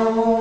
irmão.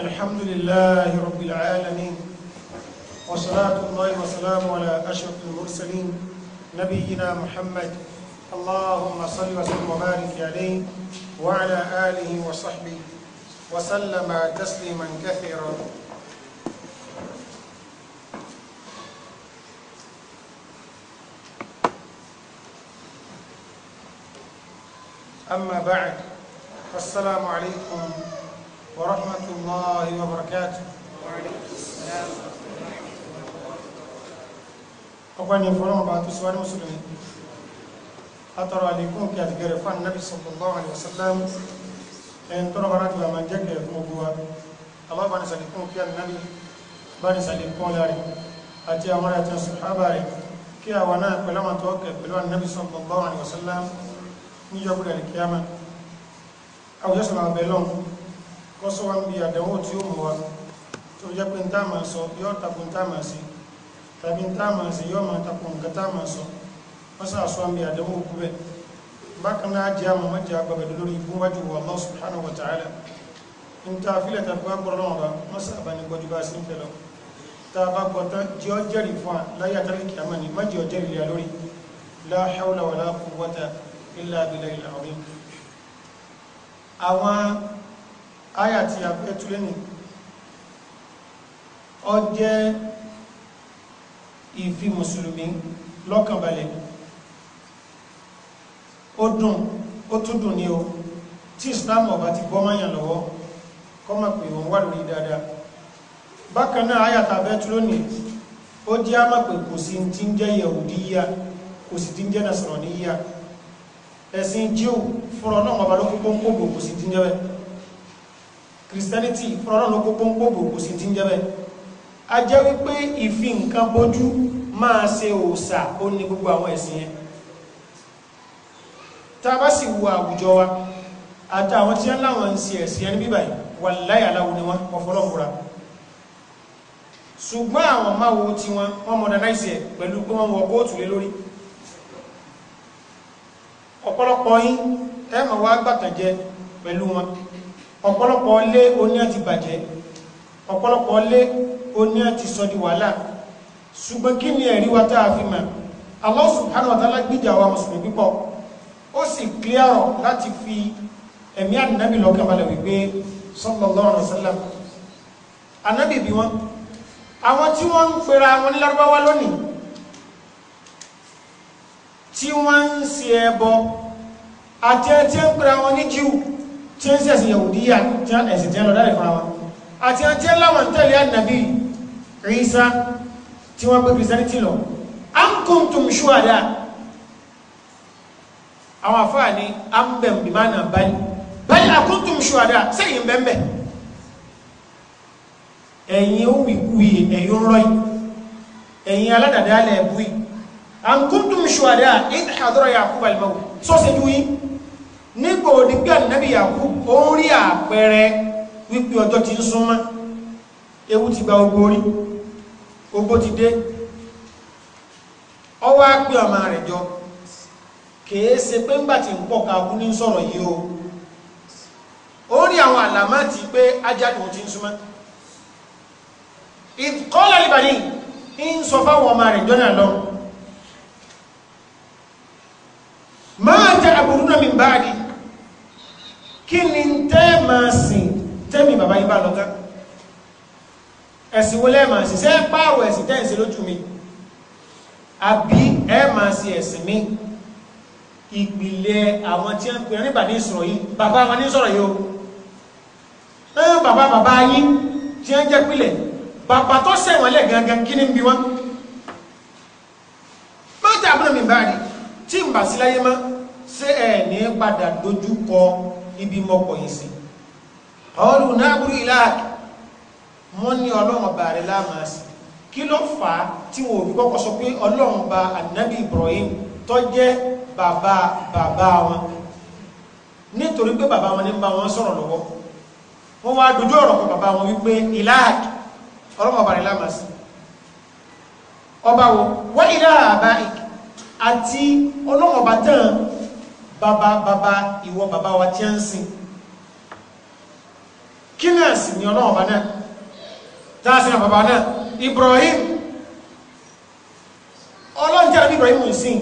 الحمد لله رب العالمين وصلاة الله وسلام على أشرف المرسلين نبينا محمد اللهم صل وسلم وبارك عليه وعلى آله وصحبه وسلم تسليما كثيرا أما بعد فالسلام عليكم ورحمة الله وبركاته وعليكم السلام ọgbọ́n ni fọ́nà ọba tó síwá ní mùsùlùmí látọrọ àlékún kí àti gẹ̀rẹ̀ fún ànábì sallallahu alaihi wasallam ẹni tọrọ bára jù àmà jẹ́kẹ̀ fún ogun wa aláwọ̀ bani sàlékún kí ànábì bani sàlékún lárí àti àwọn àti sàhábà rẹ̀ kí àwọn náà pẹ̀lú àwọn tọ́ọ̀kẹ̀ pẹ̀lú ànábì sallallahu alaihi wasallam níjọ́ kọ́sọ́ wa ń bi àdánwò tí ó mú wa tó jẹ́ pé ń tá máa sọ yóò takò ń tá máa sí tàbí ń tá máa sí yóò máa takò nǹkan tá máa sọ wọ́n àṣọ àmì àdánwò kú bẹ́ẹ̀ bákan náà jẹ́ àmọ́ mọ́jẹ́ agbábẹ̀dẹ̀ lórí ìgbúnwájú wa wa ta'ala ń ta fílẹ̀ tàbí wá gbọ́rọ̀ àwọn àyà tí a fẹ́ túlé ní ọ jẹ́ ìfi mùsùlùmí lọ́kànbalẹ̀ ó dùn ó tún dùn ní o tí islam ọba ti bọ́ máyàn lọ́wọ́ kọ́ mọ̀ pé wọ́n wà lórí dáadáa bákan náà àyà tá a túlé ní ó jẹ́ àmà pé kò sí ti ń jẹ́ yahudiyya kò sì ti ń jẹ́ nasaraniya ẹ̀sìn jíù fúnra náà ọba ló kú pọ́npọ́n sí ti ń jẹ́ bẹ́ẹ̀ christianity ọlọ́run ló kó pọ́npọ́bò kò sí ti ń jẹ́bẹ̀ a jẹ́ wípé ìfi nǹkan bójú máa ṣe òòṣà ó ní gbogbo àwọn ẹ̀sìn yẹn tá bá sì wo àwùjọ wa àtàwọn tí wọ́n láwọn ṣe ẹ̀sìn yẹn níbí báyìí wà láyà aláwo ni wọ́n ọ̀fọ́lọ́mùra ṣùgbọ́n àwọn máa wo tí wọ́n wọ́n modernize ẹ̀ pẹ̀lú pé wọ́n wọ kóòtù lé lórí ọ̀pọ̀lọpọ̀ yín ẹ wá gbàtànjẹ pẹ̀lú wọn ọ̀pọ̀lọpọ̀ lé oní àti bàjẹ́ ọ̀pọ̀lọpọ̀ lé oní àti sọ́dí wàhálà ṣùgbọ́n kí ni ẹ̀rí wa táa fi mọ̀ Allah subhanahu wa ta'ala gbíjà wa mùsùlùmí pípọ̀ ó sì kílíàrọ̀ láti fi ẹ̀mí ànábì lọ́kàn balẹ̀ wípé sallallahu alaihi wasallam ànábì bí wọn àwọn tí wọ́n ń pera wọn ní lárúbáwá lónìí tí ẹbọ àti ẹ̀ ń pera wọn ní tí ń sẹ̀sìn yahudiya tí wọ́n ẹ̀sìn tí wọ́n lọ dáre fún wa àti àti aláwọ̀ ń tẹ̀lé ànàbí ríṣà tí wọ́n gbé christianity lọ an kuntum shuhada àwọn àfáà ní ambem bimana bali bali akuntum shuhada sẹ́yìn bẹ́ẹ̀ ẹ̀yin ó wì kú yìí ẹ̀yin ń rọ́yìn ẹ̀yin aládàdálẹ̀ ẹ̀bú yìí an kuntum shuhada ìdí àdúrà yà kú balùwẹ̀ sọ́sẹ̀ dúyìn nígbà òdìgbà nàbí yàkú ó àpẹẹrẹ wípé ọjọ́ ti ń súnmọ́ ewu ti gba ogbó rí ogbó ti dé ọwọ́ á ọmọ rẹ̀ jọ kìí ṣe pé ńgbà tí ń pọ̀ ní sọ̀rọ̀ yìí o ó àwọn àlàmá ti pé ajáde òun ti ń súnmọ́ ìkọ́lá ìbàdí ń sọ fáwọn ọmọ rẹ̀ jọ́nà lọ máa jẹ́ mi báyìí kí ni tẹ́ máa sìn tẹ́mi bàbá yín bá lọ ẹ̀sìn wo lẹ́ máa sìn sẹ́ pààrọ̀ ẹ̀sìn tẹ́ ń lójú mi àbí ẹ máa sìn ẹ̀sìn mi ìpìlẹ̀ àwọn tí ń pè ní bàbá ní sọ̀rọ̀ yìí bàbá wọn ní sọ̀rọ̀ yìí o ń bàbá bàbá yín tí ń jẹ́ pìlẹ̀ bàbá tó sẹ̀wọ̀n lẹ̀ gangan kí ni ń bi wọn mọ́tà àbúrò mi bá rí tí ń bà sí láyé mọ́ ṣé ẹ̀ ní padà dojú kọ ibi mọ́kọ̀ yìí sí ọlù náàbùrú ìlàkì wọ́n ní ọlọ́run bá rẹ̀ láàmà sí kí ló fà á tí wọ́n òbí kọ́kọ́ sọ pé ọlọ́run bá ànábì Ibrahim tó jẹ́ bàbá bàbá wọn nítorí pé bàbá wọn ní bá wọn sọ̀rọ̀ lọ́wọ́ wọ́n wá dojú ọ̀rọ̀ pọ̀ bàbá wọn wípé ìlàkì ọlọ́run bá rẹ̀ láàmà sí ọba wo wọ́n ìlà àbá àti ọlọ́run bá tán Baba, Baba, ìwọ Baba, wa tí a ń sin kí náà sì ni ọlọ́run bá náà tààsí náà bàbá náà Ibrahim ọlọ́run jẹ́ Ibrahim ń sin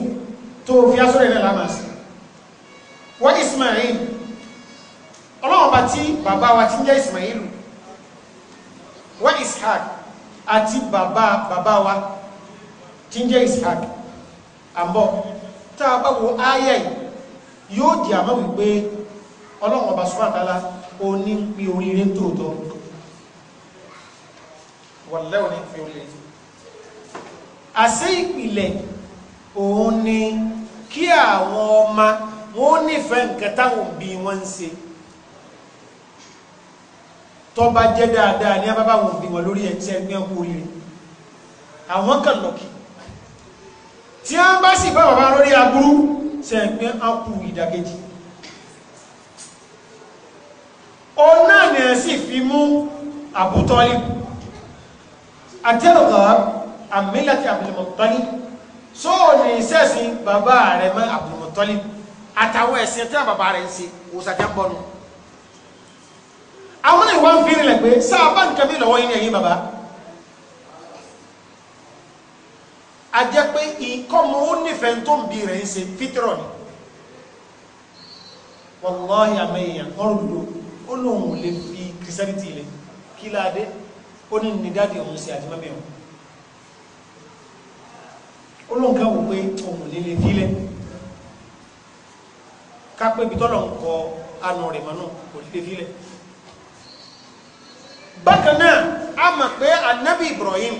tó fi asọ́rẹ̀ náà lámà sí wọ́n Ismail ọlọ́run bá tí bàbá wa tí ń jẹ́ Ismail wọ́n Ishaq àti bàbá bàbá wa tí ń jẹ́ Ishaq àbọ̀ tá a yìí yóò di àmọ́ wípé ọlọ́run ọba sọ́fàtálá o ní pí oríire ń tòótọ́ wọ̀lẹ́wọ̀n ní pí oríire àṣẹ ìpìlẹ̀ òun ni kí àwọn ọmọ wọn ó nífẹ̀ẹ́ nǹkan táwọn òbí wọn ń ṣe tó bá jẹ́ dáadáa ní abábá àwọn òbí wọn lórí ẹ̀tí ẹgbẹ́ ọkọ̀ oríire àwọn kan lọ́kì tí wọ́n bá sì bá bàbá lórí aburú sẹ́gbẹ́ akù ìdàkejì o náà ni ẹ̀ sì fi mú àbútọ́lì àtẹ́rọ̀gá àmìlàtí àbìlìmọ̀tọ́lì só ní sẹ́sì bàbá rẹ̀ mọ́ àbìlìmọ̀tọ́lì àtàwọn ẹ̀sìn tí bàbá rẹ̀ ń ṣe òsàjẹ́ bọ́nu àwọn ìwọ̀n fi rìnlẹ̀ pé sáà bá nǹkan bí lọ́wọ́ yín ẹ̀yìn a jẹ́ pé ìkọ́mọ ó nífẹ̀ẹ́ tó ń bi rẹ̀ ń ṣe fítírọ̀ ni wàláhì àmẹ́yàn ọ̀rùndò ó lóun lè fi kìrìsẹ́rìtì ilẹ̀ kí láadé ó ní ní dáàdì òun sí àti mẹ́mẹ́ òun ó lóun ká wò pé òun rẹ̀ mọ́nà kò lè fílẹ̀ bákan a mọ̀ pé anabi Ibrahim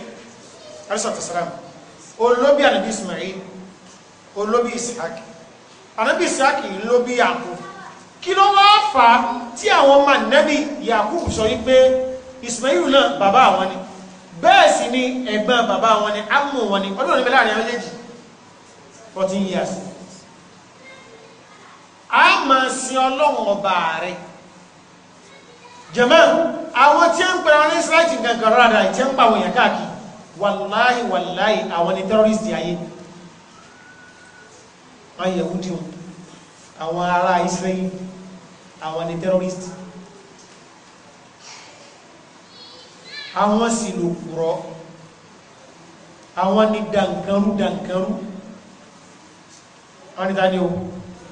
alayhi olóbi ànábì ismail olóbi ishaq ànábì ishaq lóbi yàkú kí ló wá fà á tí àwọn ọmọ ànábì yàkú sọ wípé ismail náà bàbá àwọn ni bẹ́ẹ̀ sì ni ẹ̀gbọ́n bàbá wọn ni amú wọn ni ọdún onímẹ́lá àrin méjèèjì 14 years a máa sin ọlọ́run ọba rẹ̀ jẹ́mọ́ àwọn tí ó ń pẹ̀lú àwọn israẹ̀tì rádà tí ń pàwọn èèyàn wàláì wàláì àwọn ni terrorist ayé àwọn yahudi àwọn ará israeli àwọn ni terrorist àwọn sì lò kúrọ àwọn ni dànkanrú dànkanrú àwọn ni tani o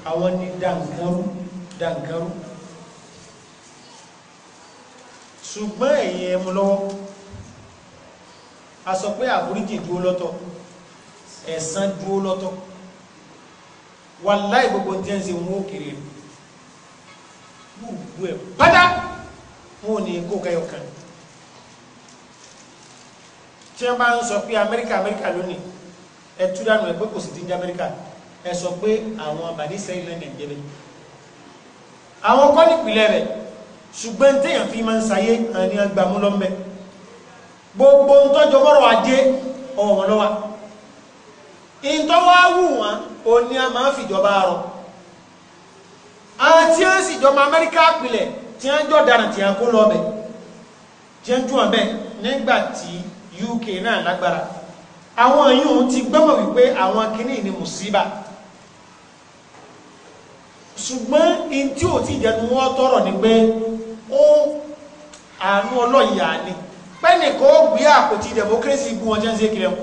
àwọn ni dànkanrú dànkanrú ṣùgbọ́n ẹ̀yin ẹmu lọ́wọ́ a sọ pé àforíjì dúó lọ́tọ̀ ẹ̀san dúó lọ́tọ̀ wàláì gbogbo tí ń ṣe wọn ó kéré gbogbo ẹ̀ pátá wọn ò ní kó kẹyọ kan tí wọ́n bá ń sọ pé amẹ́ríkà amẹ́ríkà lónìí ẹ tú dànù ẹ pé kò sì ti ń jẹ́ amẹ́ríkà ẹ sọ pé àwọn àbàdí sẹ́yìn lẹ́nu ẹ̀jẹ̀ àwọn kọ́ nípìnlẹ̀ rẹ̀ ṣùgbọ́n téèyàn fi máa ń sayé àní agbamúlọ́mbẹ́ẹ́ gbogbo ń tọ́jọ mọ́rọ̀ ajé ọ̀wọ̀n lọ́wà ìtọ́wà wù wọn ò ní a máa fìjọba rọ àti à ń sìjọba amẹ́ríkà pilẹ̀ tí a ń jọ dára tí a kó lọ́bẹ̀ tí a ń tún ọbẹ̀ nígbà tí UK náà lágbára àwọn yìí ti gbọ́mọ̀ wípé àwọn kìíní ni mùsíbà ṣùgbọ́n in tí ò ti jẹnu wọ́n tọrọ ni pé ó àánú ọlọ́yà ni pẹ́nìkan ó gbé àpótí democracy igun ọjọ́ ń ṣe kiri ẹ̀hún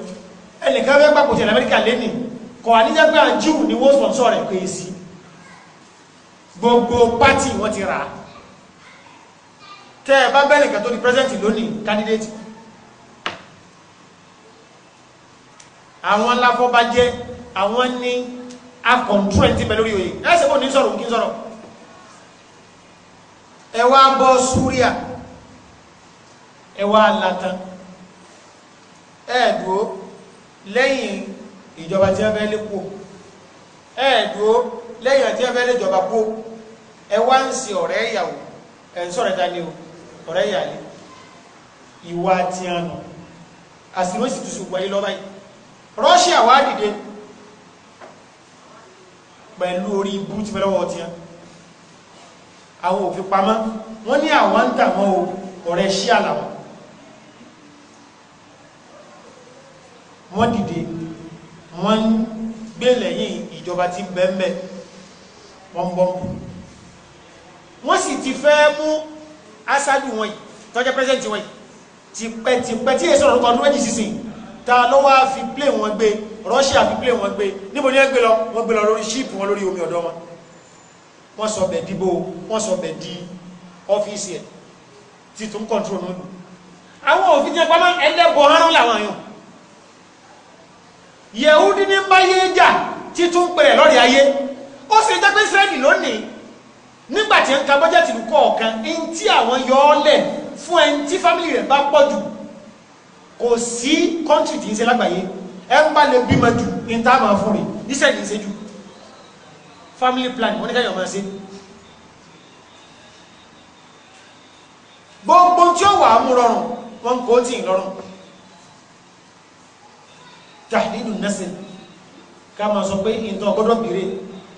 ẹnìkan fẹ́ pàpòtí amẹ́ríkà lẹ́nì kọ̀ àníjẹ́ pé àjíù ni wọ́n sponsor rẹ̀ pé sí gbogbo pátì wọ́n ti rà á tẹ́ ẹ bá bẹ́nìkan tó di president lónìí candidate àwọn aláfọ́bàjẹ́ àwọn ní akọ̀ntúrẹ̀ ti bẹ̀ lórí oyè ẹ̀sẹ̀ kò ní sọ̀rọ̀ kí n sọ̀rọ̀ ẹ wá bọ́ súríà ẹ wá latan ẹ̀ẹ̀dúó lẹ́yìn ìjọba tí wọ́n fẹ́ lé kú ẹ̀ẹ̀dúó lẹ́yìn àti wọ́n fẹ́ lé ìjọba kú ẹ wá ń ṣe ọ̀rẹ́ ìyàwó ẹ̀ ń sọ̀rẹ́ ta ni o ọ̀rẹ́ ìyàlẹ́ ìwà tí a nù àsìlò sì tún ṣùgbọ́n yìí lọ́ba wá dìde pẹ̀lú orí ibú ti fẹ́ lọ́wọ́ tí a àwọn òfin pamọ́ wọ́n ní àwọn ń tà mọ́ ọ̀rẹ́ wọ́n dìde wọ́n ń gbé lẹ́yìn ìjọba tí bẹ́ẹ̀mbẹ́ pọ́npọ́npọ́ wọ́n sì ti fẹ́ mú aṣáájú wọn yìí tọ́jẹ́ pẹ́sẹ́ntì wọn yìí tipẹ́ tipẹ́ tí èso ọ̀rọ̀kọ̀ ọdún méjì sísìn ta ló wá fi plé wọn gbé Russia fi plé wọn gbé níbo ni wọ́n gbé lọ wọ́n gbé lọ lórí ṣíìpù wọn lórí omi ọ̀dọ́ wọn wọ́n sọ bẹ̀ dìbò wọ́n sọ bẹ̀ di ọ́fíìsì ẹ̀ títún kọ́ńtró nínú àwọn òfin jẹ́ pamọ́ ẹlẹ́bọ̀ ọ̀rọ̀ làwọn yàn yẹ̀húdí ní bá yé jà títún pẹ̀rẹ̀ lọ́rẹ̀ ayé ó sì jẹ́ pé Ísírẹ́lì lónìí nígbà tí ń ka bọ́jẹ̀tì lù kọ̀ọ̀kan ń tí àwọn yọ ọ́ lẹ̀ fún ẹni tí fámìlì rẹ̀ bá pọ̀ jù kò sí kọ́ńtì tí ń ṣe lágbàáyé ẹ ń bá lè bímọ jù ní tá a máa fún rè Ísírẹ́lì ń ṣe jù family plan, wọ́n ní káyọ̀ máa ṣe gbogbo tí ó wà á mú rọrùn wọn kò tí ì lọ́rùn tahdidu nẹ́sìn ká máa sọ pé ìtàn gbọ́dọ̀ bèrè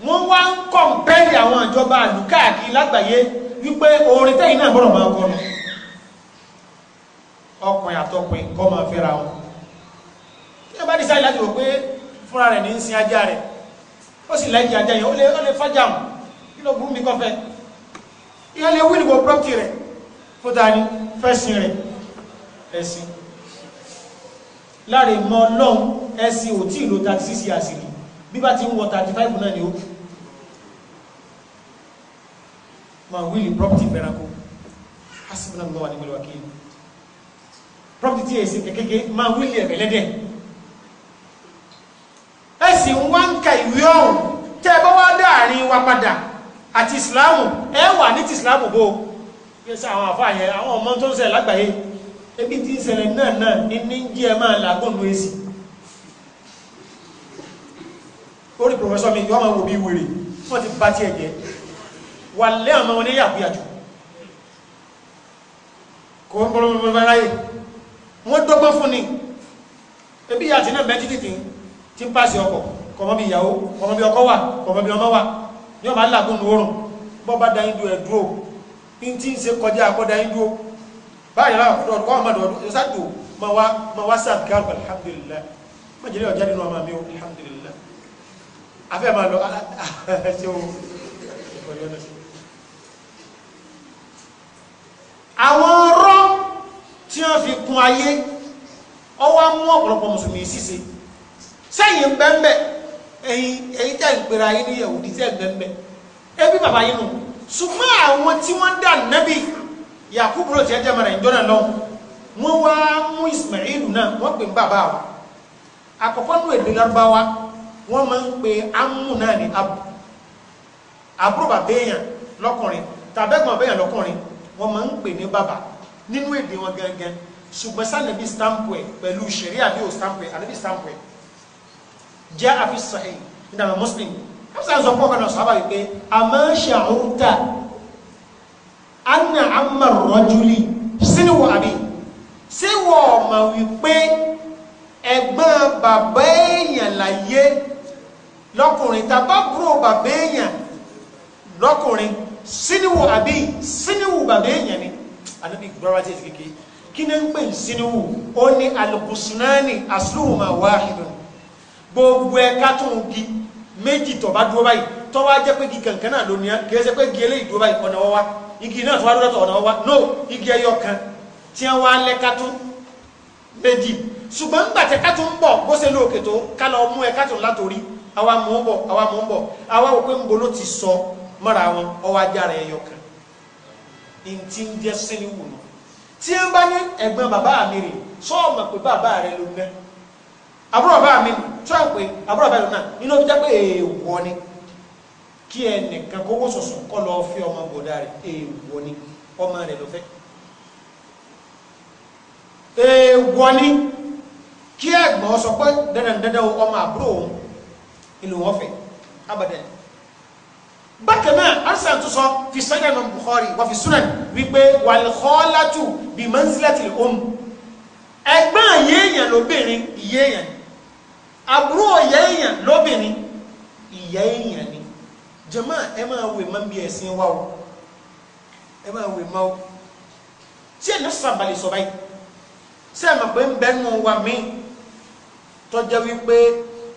wọ́n wá ń kọ̀m̀pẹ́lì àwọn ìjọba àlù káàkiri lágbàáyé wípé orin tẹ́yìn náà gbọ́dọ̀ máa kọnu ọkùnrin àtọkùnrin kọ́ máa fẹ́ra wọn tí ẹ bá ní sáyé láti wò pé fúnra rẹ̀ ní ń sin ajá rẹ̀ ó sì lẹ́jì ajá yẹn ó lè ó lè fájà mù kí ló burú mi kọ́ fẹ́ ìyẹn lè wí ní wo property rẹ̀ fúta ní fẹ́sìn rẹ̀ ẹ̀sìn láre mọ́ lọ́n ẹ̀sìn ò tí ìlò 36 years rí bí bá ti ń wọ 35 náà ni ó ma wílì property fẹ́ranko asìmìnà lọ́wà ní mẹ́lẹ̀wà kí property tí èsì kẹ́kẹ́kẹ́ ma wílì ẹ̀rẹ̀ lẹ́dẹ̀ ẹ̀sìn wá ń ka ìwé ọ̀hún tẹ́ bá wá dáàrin wa padà àti ìsìláàmù ẹ wà ní ti ìsìláàmù bó yẹ́sà àwọn àfáà yẹn àwọn ọmọ tó ń ṣẹlẹ̀ lágbàáyé ebi tí ń ṣẹlẹ̀ náà náà ní ń jẹ́ máa làágùn ló èsì orí pòfẹ́sọ́ mi yọ́ máa wò bí wèrè wọ́n ti bá tí ẹ̀jẹ̀ wà lẹ́ àmọ́ wọn ní yàgbéyàjò kò ń bọ́rọ̀ mọ́ ráyè wọ́n dọ́gbọ́n fún ni ebi yàtí náà mẹ́tí títí tí ń pàṣẹ ọkọ̀ kọmọ́ bí ìyàwó kọmọ́ bí ọkọ wà kọmọ́ bí ọmọ wà ní ọmọ alágùn lóorùn bọ́ bá dáyín dúó ẹ̀dúró ní tí ń ṣe kọjá akọ́dáyín dúó báyìí láwọn ọdún ọdún kọ́ ọmọdún ọdún ṣáàtò ma wá ma wá sáà gáàrù alhamdulillah ma jẹ́lẹ̀ ọjá nínú ọmọ mi o alhamdulillah afẹ́ ma lọ ah, ah, ṣe o àwọn ọ̀rọ̀ tí wọ́n fi kún ayé ọwọ́ mú ọ̀pọ̀lọpọ̀ mùsùlùmí ṣíṣe sẹ́yìn bẹ́ẹ̀bẹ́ ẹ̀yìn tẹ́ ìpèrè ayé ní ẹ̀wùdí tẹ́ bẹ́ẹ̀bẹ́ ẹbí bàbá yìí nù ṣùgbọ́n àwọn tí wọ́n dà nẹ́bí yakubu ló ti ẹjẹ́ mara ìjọ́nà lọ wọ́n wá mú ismailu náà wọ́n pè ń bàbá wa àkọ́kọ́ nù èdè lárúbáwá wọ́n máa ń pe amú náà ní abu àbúrò bàbá èèyàn lọ́kùnrin tàbẹ́gbọ̀n bẹ́yàn lọ́kùnrin wọ́n máa ń pè ní bàbá nínú èdè wọn gangan ṣùgbọ́n sànàbí stampu ẹ̀ pẹ̀lú ṣẹ̀rí àbí ò stampu ẹ̀ ànàbí stampu ẹ̀ jẹ́ àfi sahih ìdàmà muslim wọ́n sàn sọ pọ́kànlá sọ́bà wípé àmọ́ anna amma rọjúlì síníwọ̀ àbí síwọ̀ ọ̀mà wípé ẹ̀gbọ́n bàbá èèyàn láyé lọ́kùnrin tàbábúrò bàbá èèyàn lọ́kùnrin síníwò àbí síníwò bàbá èèyàn ni anábì gbọ́ra tí èsì kékeré kí ní ń pè ní síníwò ó ní alùpùsùnáàní asluhuma wahidun gbogbo ẹ̀ka tó ń gi méjì tó bá dúró báyìí tó wá jẹ́ pé gi kankan náà lónìí kì í ṣe pé gi eléyìí dúró báyìí ọ̀nà wọ́wá igi náà tó wá lọ́dọ̀ ọ̀nà wa no igi ẹyọ kan tí wọ́n wá lẹ́ka tó méjì ṣùgbọ́n ń gbàtẹ́ ká tó ń bọ̀ bó ṣe lóòkè tó ká lọ mú ẹ ká tó látòrí àwa mú ń bọ̀ àwa mú ń bọ̀ àwa wò pé ń bo ló ti sọ mọ́ra wọn ọwọ́ ajá ẹyọ kan ntí ń jẹ́ sínú wù nù tí ń bá ní ẹ̀gbọ́n bàbá mi rè sọ́ọ̀mù pé bàbá rẹ̀ ló ná àbúrò bàbá mi sọ́ọ̀mù pé àbúrò bàbá rẹ̀ ló nínú ọjọ́ pé èèwọ̀ ni kí ẹnìkan kówó sọ̀sọ̀ kọ́ lọ fẹ́ ọmọ bọ̀dá rẹ̀ èèwọ̀ ni ọmọ rẹ̀ lọ́fẹ́ èèwọ̀ ni kí ẹ̀gbọ́n sọ pé dandandandan ọmọ àbúrò òun ìlú wọn fẹ́ abadan bákan náà ansan tó sọ fi sọ́jà nà Bukhari wà fi sunan wípé wàlúkọ́látù bí manzilatil um ẹ̀gbọ́n yéèyàn lóbìnrin ìyéèyàn àbúrò yéèyàn lóbìnrin ìyéèyàn jama ẹ máa wè má bí ẹ̀sìn wa o ẹ máa wè má o tí ẹ̀ ní sàbàlì sọ báyìí sẹ́ ẹ̀ mọ̀ pé ń bẹ́ nù wa mí tọ́jà wípé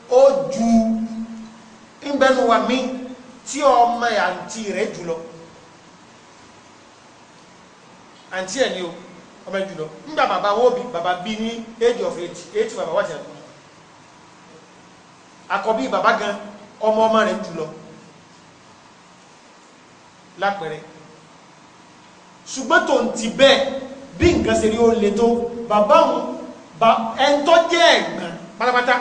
ó ju ń bẹ́ nù wa mí tí ọmọ àǹtí rẹ̀ jùlọ àǹtí ẹ̀ ni o ọmọ jùlọ nígbà bàbá wo bí bàbá bí ní age of eighty eighty bàbá wà jẹ́ àkọ́bí bàbá gan ọmọ ọmọ rẹ̀ jùlọ lápẹẹrẹ ṣùgbọ́n tó ń ti bẹ́ẹ̀ bí nǹkan ṣe rí ó le tó bàbá òun bá ẹntọ́ jẹ́ ẹ̀gbọ́n pátápátá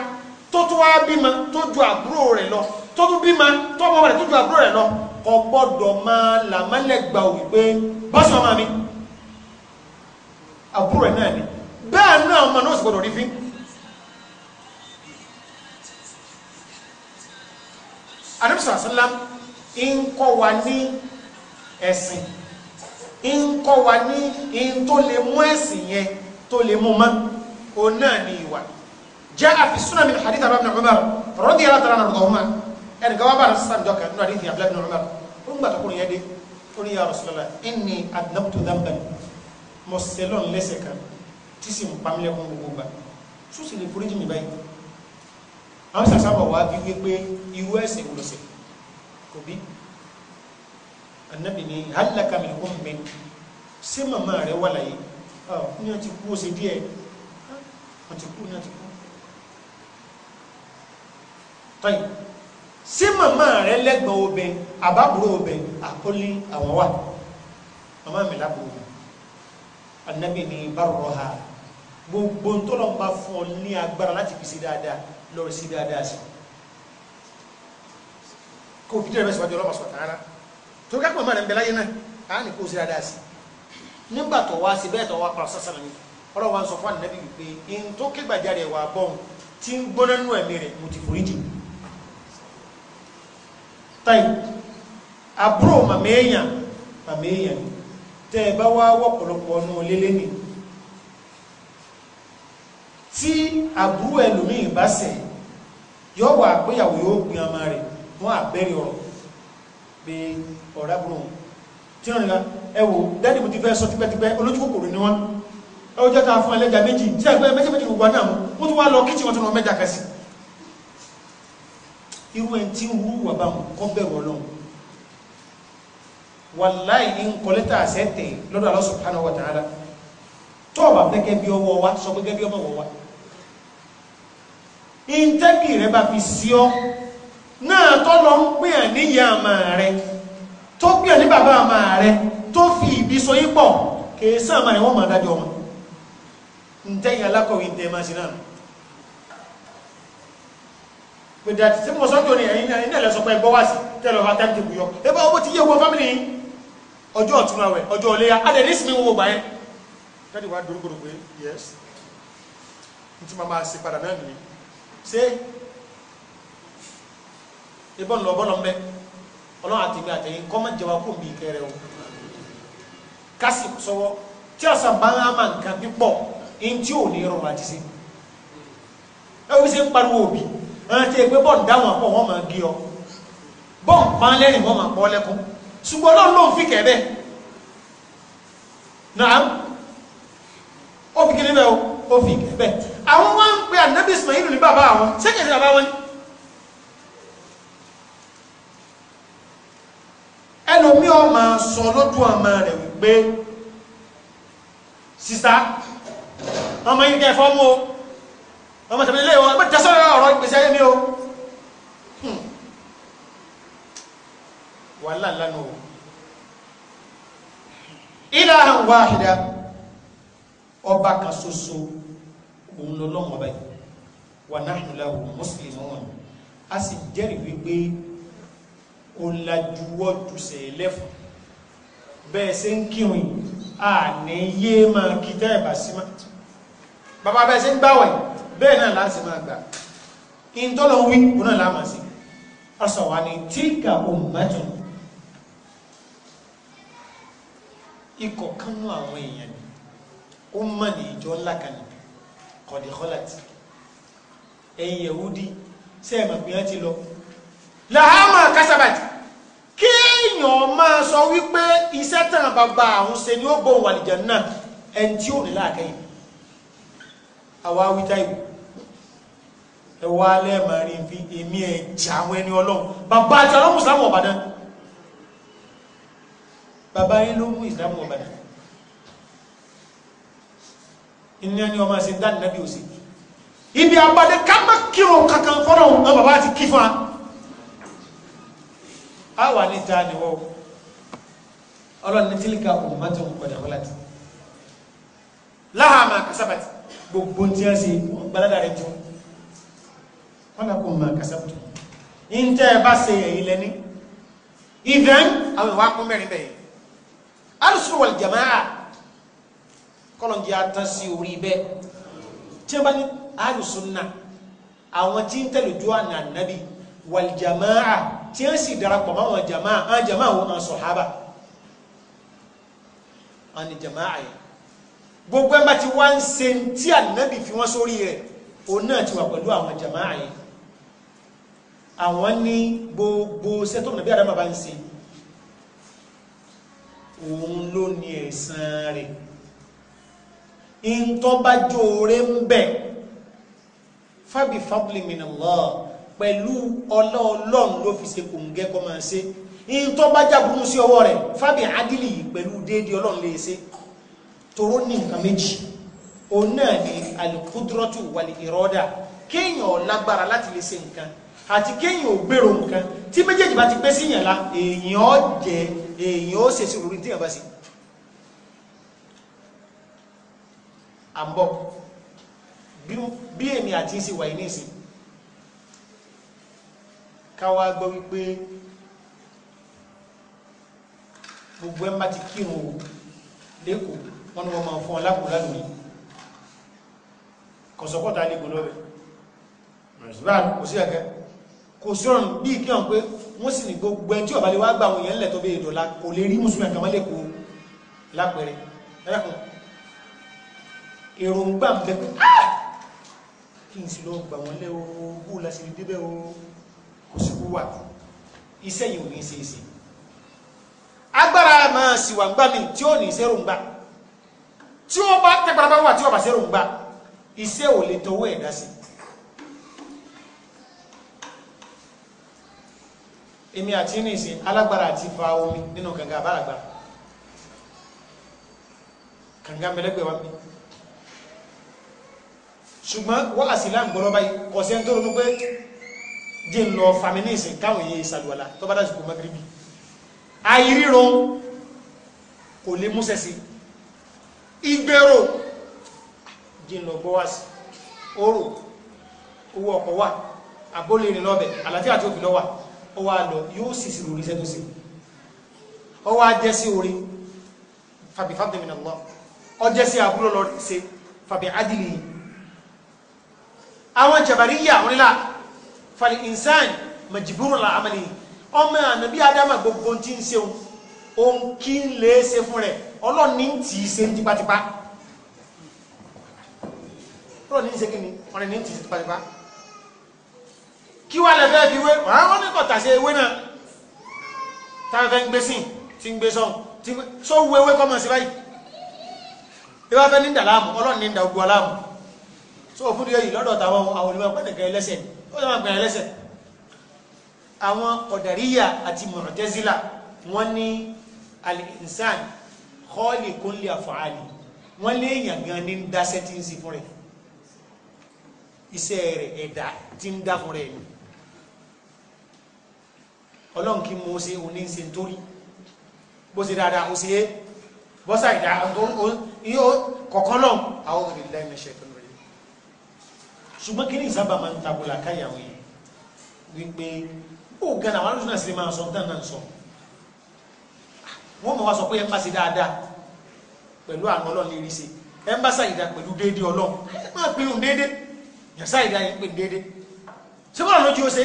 tó tún wá bímọ tó ju àbúrò rẹ̀ lọ tó tún bímọ tó ọmọ rẹ̀ tó ju àbúrò rẹ̀ lọ kò gbọ́dọ̀ máa làmọ́lẹ̀gbà wípé bọ́sùn ọmọ mi àbúrò ẹ̀ náà ni bẹ́ẹ̀ náà ọmọ náà sì gbọ́dọ̀ rí fín àdébísọ̀ àṣálá ń kọ́ wa ní ẹ̀sìn ń kọ́ wa ní in tó lè mú ẹ̀sìn yẹn tó lè mú mọ́ òun náà ni ìwà jaa fi sunan min hadith abdullahi ibn umar radiyallahu ta'ala anhu ọmọ ẹni gaba bá rẹ̀ sísan dọ́kà nínú hadith abdullahi ibn umar ó ń gbà tó kúrò yẹn dé ó ní ya rasulullah inni adnabtu dhanban mo sẹlọ̀n lẹ́sẹ̀ kan tí sì ń pamílẹ̀ fún gbogbo gbà tó sì lè foríjì mi báyìí àwọn sàṣàbọ̀ wá bí wípé irú ẹ̀sìn ìwòlọ́sẹ̀ kò bí anabi ni halaka min ummi ṣé màmá rẹ wà láyé ní wọn ti kú ó ṣe díẹ̀ wọn ti kú ní wọn ti kú tọyì ṣé màmá rẹ lẹ́gbọ̀n obẹ àbábúrò obẹ àkọlé àwọn wà màmá mi lábúrò mi anabi ni bárò ha gbogbo ntọ́lọ̀ ń bá fún ọ ní agbára láti fi ṣe dáadáa lọ sí dáadáa sí kò fi dẹ́rẹ́ bẹ́sẹ̀ wájú ọlọ́mọ sọ̀tàn rárá tó kẹ́kọ̀ọ́ mọ̀ rẹ̀ ń bẹ láyé náà á ní kó sí dáadáa sí nígbà tó wá sí bẹ́ẹ̀ tó wá pàrọ̀ sásàlà ni ọlọ́run wa ń sọ fún ànábì wípé in tó ké gbàjarè wà bọ́ọ̀n tí ń gbóná nú ẹ̀mí rẹ̀ mo ti foríjì. táì àbúrò màmá èèyàn màmá èèyàn tẹ́ ẹ bá wá wọ́pọ̀lọpọ̀ ọ̀nà lélẹ́ ni tí àbúrò ẹlòmíì bá sẹ̀ yọ wà péyàwó yóò gbin ọmọ rẹ̀ wọ́n àbẹ́rẹ̀ ọ̀rọ̀ pé ọ̀rábùrùn tí wọ́n nílá ẹwò dẹ́dì mú ti fẹ́ sọ tipẹ́tipẹ́ olójúkòkòrò ni wọ́n ẹwọ́ jẹ́ta fún ẹlẹ́jà méjì tí àgbẹ́ méjì méjì gbogbo náà mú tún wá lọ kíchì wọn tó lọ mẹ́jà kẹsì irú ẹni tí ń wú wà bá wọn kọ́ bẹ̀rù ọlọ́run wàláì ní kọ́lẹ́tà àṣẹ́tẹ̀ lọ́dọ̀ Allah subhanahu wa ta'ala tọ́ọ̀bà gẹ́gẹ́ bí ọwọ́ wa sọ gẹ́gẹ́ bí ọmọ wọ wa ìntẹ́bì rẹ bá fi náà tọ́lọ ń pè ẹ̀ níyà àmà rẹ tó pè ẹ̀ ní bàbá àmà rẹ tó fi ìbí so yípọ̀ kìí sáà máa wọ́n máa dájọ́ wọn ń tẹ́yìn alákọ̀wé ìdẹ́ máa ṣe náà pèdè àti tí mo sọ́jọ́ ní ẹ̀yìn náà nílẹ̀ sọ pé ẹgbọ́ wá sí tẹ́lọ̀ bá tẹ́mù tẹ́kù yọ ẹgbẹ́ owó ti yé owó fámìlì yìí ọjọ́ ọ̀tún àwẹ̀ ọjọ́ ọ̀lẹ́yà adẹ̀ ní ìsinmi owó gbà yẹn dáàdì wá yes ní ti máa máa ṣe ibọ̀ lọ bọ́lọ̀ ń bẹ́ ọlọ́run àtẹ̀mí àtẹ̀yìn kọ́mọ̀ jẹ́wà kó bí kẹrẹ o kásì sọwọ́ tí ọ̀sán bá ń máa nǹkan pípọ̀ in tí ò ní rọrùn àti sí ẹ wí sí ń pariwo òbí ẹran tí ẹgbẹ́ bọ́ọ̀n dáhùn àpọ̀ wọ́n máa gé ọ bọ́ọ̀n pa lẹ́rìn wọ́n máa pọ́ lẹ́kún ṣùgbọ́n ọlọ́run ló ń fi kẹ́ bẹ́ẹ̀ náà ó fi kí ní bẹ́ẹ̀ ó fi kẹ́ bẹ́ẹ̀ àwọn wọn ń pe ànábì Ismail ní bàbá àwọn ṣé kẹsì bàbá wọn ni ẹlòmí ọmọ sọ lójú ọmọ rẹ̀ wípé sísá ọmọ yìí kẹ́ fọ́mú o ọmọ tẹ̀lé ilé wọn pẹ̀lú tẹ́sán ọ̀rọ̀ ìgbésí ayé mi o hmm. wàhálà lánàá o ilahan wahida ọba kan ṣoṣo òun lọ́lọ́wọ́ báyìí wa nahnu lahu muslimun a sì jẹ́rìí wípé kò lajuwọ́ jùsẹ̀ lẹ́fún bẹ́ẹ̀ ṣe ń kírun à ní yé máa kí tẹ́ẹ̀bà sí máa bàbá bẹ́ẹ̀ ṣe ń gbáwẹ̀ bẹ́ẹ̀ náà láti máa gbà in tó lọ wí òun náà láàmà sí ọ̀sọ̀ wà ní tíkà ummatun ikọ̀ kánú àwọn èèyàn ni ó mọ̀ ní ìjọ ńlá kan ní kọ̀dìkọ́lá ti ẹ̀yìn yẹ̀wúdí sẹ́ẹ̀mọ̀ pé wọ́n ti lọ làhámà kásábàtì kéèyàn máa sọ wípé iṣẹ́ tàn bàbá àwọn ṣe ni ó bò wà lìjẹ̀ náà ẹni tí ò ní láàkẹ́yìn àwa wíta ìwò ẹwà alẹ́ màá rí fi èmi ẹ̀ jà àwọn ẹni ọlọ́run bàbá àti ọlọ́run ìsìlámù ọ̀bàdàn bàbá yín ló mú ìsìlámù ọ̀bàdàn iná ni ọmọ ṣe ń dá òsì ibi abadé ká má kírun kankan fọ́nà ọ̀hún náà bàbá àti kí fún wa a wà ní ìta níwọ́ ọlọ́ni tílíkà ọmọdé ọmọdé ọlọ́tí láhàmà kásábàtì gbogbo tí a ṣe gbalada rẹ̀ tún wọ́n kò mọ̀ kásábàtì ń tẹ́ ẹ bá ṣe ẹ̀yìn lẹ́ni ìfẹ́ àwọn ìwà kún mẹ́rin bẹ́ẹ̀ alùsùn wal jamaa kọlọ̀njẹ́ atán sí orí bẹ́ẹ̀ tí a bá ní alùsùn náà àwọn tí ń tẹ̀lé jọ́ àná nàbí wal jamaa tí wọ́n sì darapọ̀ mọ́ àwọn jama àwọn jama wọn àwọn sọ̀hábà àwọn jama àyà gbogbo ẹ̀ bá ti wá ń ṣe tí ànábì fi wọ́n sórí rẹ̀ òun náà ti wà pẹ̀lú àwọn jama àyà àwọn ní gbogbo sẹ́tọ̀ nàbí àdámà bá ń ṣe òun ló ní ẹ̀san rẹ̀ ìntọ́ bá ń bẹ̀ fábí fábílì min Allah pẹ̀lú ọlá ọlọ́run ló fi ṣe kò ń gẹ́ kọ́ máa ṣe in tó bá jábùrú sí ọwọ́ rẹ̀ fábí adìlì pẹ̀lú déédé ọlọ́run lè ṣe toró ní nǹkan méjì òun náà ni alùkúdúrọ́tù wàlì ìrọ́dà kéèyàn lágbára láti lè ṣe nǹkan àti kéèyàn ò gbèrò nǹkan tí méjèèjì bá ti pé sí yàn la èèyàn ó jẹ èèyàn ó ṣèṣe lórí tí yàn bá ṣe àbọ̀ bí èmi àti ìsìn wà ní ìsìn káwá gbọ́ wípé gbogbo ẹ̀ máa ti kírun o lẹ́kọ̀ọ́ wọn ni wọ́n máa fún ọ lápò lálùmí kọ̀sọ̀kọ́ta lẹ́kọ̀ọ́ lọ́bẹ̀ mẹ̀rẹ̀sìbáàrùn kò sí ẹ̀kẹ́ kò sí ọ̀rùn bí i kí ọ̀n pé wọ́n sì ní gbogbo ẹ̀ tí ọ̀bá lè wá gbà àwọn èèyàn lẹ̀tọ́ bí ìdọ̀lá kò lè rí mùsùlùmí àkàmọ́ lẹ́kọ̀ọ́ lápẹẹrẹ ẹ̀rẹ́kùn èròǹgbà ń ah! kí n sì lọ gbà wọ́n lẹ́ kò sí kú wà iṣẹ́ yìí ò ní ṣe é ṣe agbára máa ṣìwà ń gbà mí tí ó ní ṣe rògbà tí ó bá tẹ́gbàrà bá wà tí ó bá ṣe rògbà iṣẹ́ ò lè tọwọ́ ẹ̀dá sí èmi àti ní ìsìn alágbára àti fa omi nínú kànga àbáràgbà kànga mẹlẹgbẹ wa mi ṣùgbọ́n wọ́n àsìlá ń gbọ́rọ̀ báyìí kọ̀ọ̀sẹ̀ ń tó ronú pé jẹ́ ń lọ fami ní ìsìn káwọn èyí ìsàlùwàlà tó bá dásìkò magribi àìríro kò lè múṣẹ́ sí ìgbèrò jẹ́ ń lọ gbọ́ wá sí orò owó ọkọ̀ wà àbólè rìn lọ́bẹ̀ àlàáfíà tó fi lọ́wà ó lọ yóò sì sí lórí iṣẹ́ tó jẹ́ sí orí fàbí fàbí min Allah ó jẹ́ sí àbúrò lọ sí fàbí adìlì àwọn jàbàrí yà wọn nílà fali insan majiburu la amali ọmọ nabi adama gbogbo ti ń ṣe òun kí n lè ṣe fún rẹ ọlọ́ọ̀ni ń tì í ṣe ń tipátipá ọlọ́ọ̀ni ń ṣe kí ni ọ̀rẹ́ ní ń tì í ṣe tipátipá kí wàá lẹ́fẹ́ fi wé wàá wọ́n ní kọ̀tà ṣe ewé náà táwọn fẹ́ ń gbé sìn tí ń gbé sọ́n tí gbé sọ wo ewé kọ́ sí báyìí ìwà fẹ́ ní ìdàlámù ọlọ́ọ̀ni ń da aláàmù sọ òfin yẹn yìí lọ́dọ̀ tàwọn àwọn olùmọ̀ pẹ́ nìkan ni ó yẹ máa gbẹ̀rẹ̀ lẹ́sẹ̀ àwọn ọ̀dàríyà àti mọ̀rọ̀tẹ́sílà wọ́n ní al-insan khaliqun li af'ali wọ́n lé èèyàn gan ní dáṣẹ́ tí ń sí fún rẹ̀ iṣẹ́ rẹ̀ ẹ̀dá tí ń dá fún rẹ̀ ni ọlọ́run kí mo ṣe òní ṣe ń torí bó ṣe dáadáa ó ṣe é bọ́sà ìdá kọ̀ọ̀kan lọ́hùn ṣùgbọ́n kí ní ìsábà máa ń takò làkàyàwó yìí wípé ó gan àwọn alùsùn náà sì máa sọ tán náà sọ wọ́n mọ̀ wá sọ pé ẹ bá ṣe dáadáa pẹ̀lú àwọn ọlọ́run lè rí ṣe ẹ bá ṣàyídá pẹ̀lú déédéé ọlọ́run ẹ máa pinnu déédéé yẹn ṣàyídá yẹn pè déédéé ṣé bọ́ọ̀lù lójú ó ṣe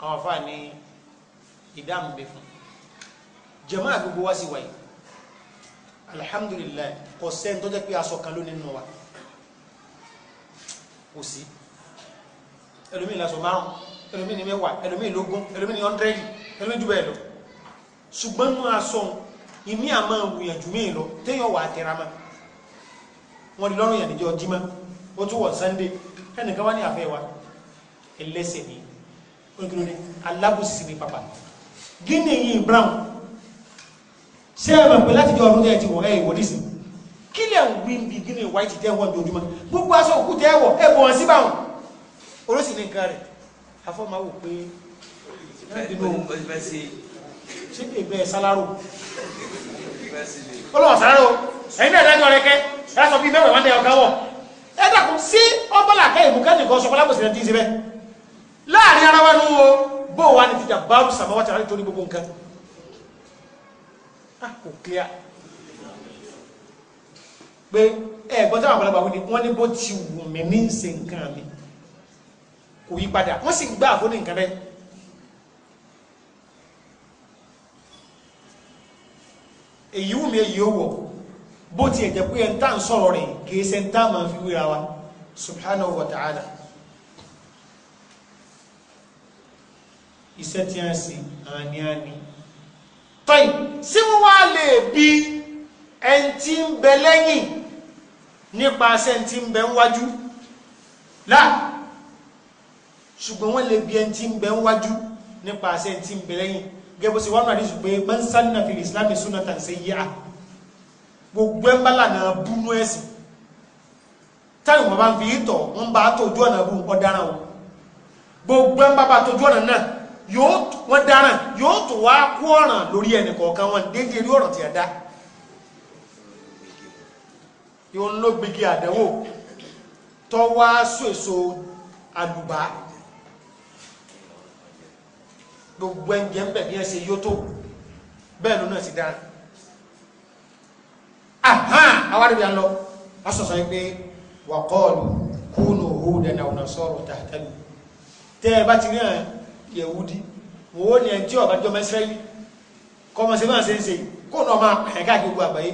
àwọn àfáà ní ìdáhùn bẹ fún jàmáà gbogbo wá sí wáyé alihamudulilayi kò sẹ́ni tó jẹ́ pé aṣọ kan ló nínú wa kò sí ẹlòmíì lásọ márùn ẹlòmíì ní mẹ́wàá ẹlòmíì lógún ẹlòmíì ní ọ́ndrẹ́dì ẹlòmíì jù bẹ́ẹ̀ lọ ṣùgbọ́n nínú aṣọ ìmí àmọ́ ìwòyànjú míì lọ téèyàn wà á tẹra mọ́ wọn ni lọ́rùn ìyànjẹ́ ọjí mọ́ ó tún wọ̀ Sunday ẹnìkan wá ní àfẹ́ wa ẹlẹ́sẹ̀ ni oníkìlódé alábùsí ni pàpà gíní yìí brown ṣé ẹ mọ̀ pé láti jọ ọdún tẹ́ ẹ ti wọ̀ ẹ ìwọ̀ nísìnyí kí lẹ̀ ń wí bí gíní white tẹ́ wọ́n dojúmọ́ gbogbo aṣọ òkú tẹ́ wọ̀ ẹ̀ wọ̀n sí báwọn oríṣi ní nǹkan rẹ̀ afọ́mọ́ wò pé nínú ṣé kì í bẹ́ẹ̀ sálárò olùwọ̀n sálárò ẹ̀yin náà dájọ́ rẹ kẹ́ ẹ sọ bí mẹ́wàá wọn dẹ ọ̀gá wọ̀ ẹ dàkún sí ọbọ̀là kẹ́ ìmúkẹ́ni kan sọpọ̀ lápòsí náà ti ń ṣe bẹ́ẹ̀ láàrin ara wa nù o bó wa ni ti dà bá sàmáwá ti rà nítorí gbogbo nǹkan ah kò clear pé ẹ̀gbọ́n táwọn àgbàlagbà wí ni wọ́n ní bó ti wù mí ní ṣe nǹkan mi kò yí padà wọ́n sì gbá àfóní nǹkan bẹ́ẹ̀. èyí wù mí èyí ó wọ̀ bó tiẹ̀ jẹ́ pé ẹni tá à ń sọ̀rọ̀ rẹ̀ kì í ṣe ń tá máa fi wéra wa subhanahu wa ta'ala. iṣẹ́ tí a ń ṣe àníàní. tọ́yì sí wọ́n wá lè bi ẹni tí ń bẹ lẹ́yìn nípa sẹ́ntí ń bẹ ń wájú láà ṣùgbọ́n wọ́n lè bí ẹntí ń bẹ ń wájú nípa sẹ́ntí ń bẹ lẹ́yìn gẹ́gbó sí wọ́n rádìí ṣùgbọ́n man sanna fil islami sunnatan sayyi'ah gbogbo ẹ̀ bálà náà búnú ẹ̀sìn táyì wọ́n bá ń fi ìtọ̀ wọ́n bá tójú ọ̀nà bú nǹkan dáràn o gbogbo ẹ̀ bá bá tójú ọ̀nà náà yóò wọ́n dáràn yóò tó wá kú ọ̀ràn lórí ẹnì kọ̀ọ̀kan wọn déédéé rí ọ̀ràn tí a dá ìhun ló gbígi àdẹ́wò tó wá sòèso àlùbá gbogbo ẹ̀jẹ̀ ń bẹ̀ bí ẹ ṣe yóò tó bẹ́ẹ̀ ló náà ti dára ahán awárìbí àlọ́ asọ̀sọ̀ yìí pé wà kọ́ọ̀lù kúnù òhúdẹ̀ náà ọ̀nà sọ̀rọ̀ tààtàlù tẹ́ ẹ bá ti rí hàn yẹ̀wúdí wọ́n ní ẹjọ́ ọ̀bájọ́ mẹ́sẹ́lì kọ́mọ̀sí máa ṣe ń ṣe kó náà máa pẹ̀ẹ́ká gbogbo àgbáyé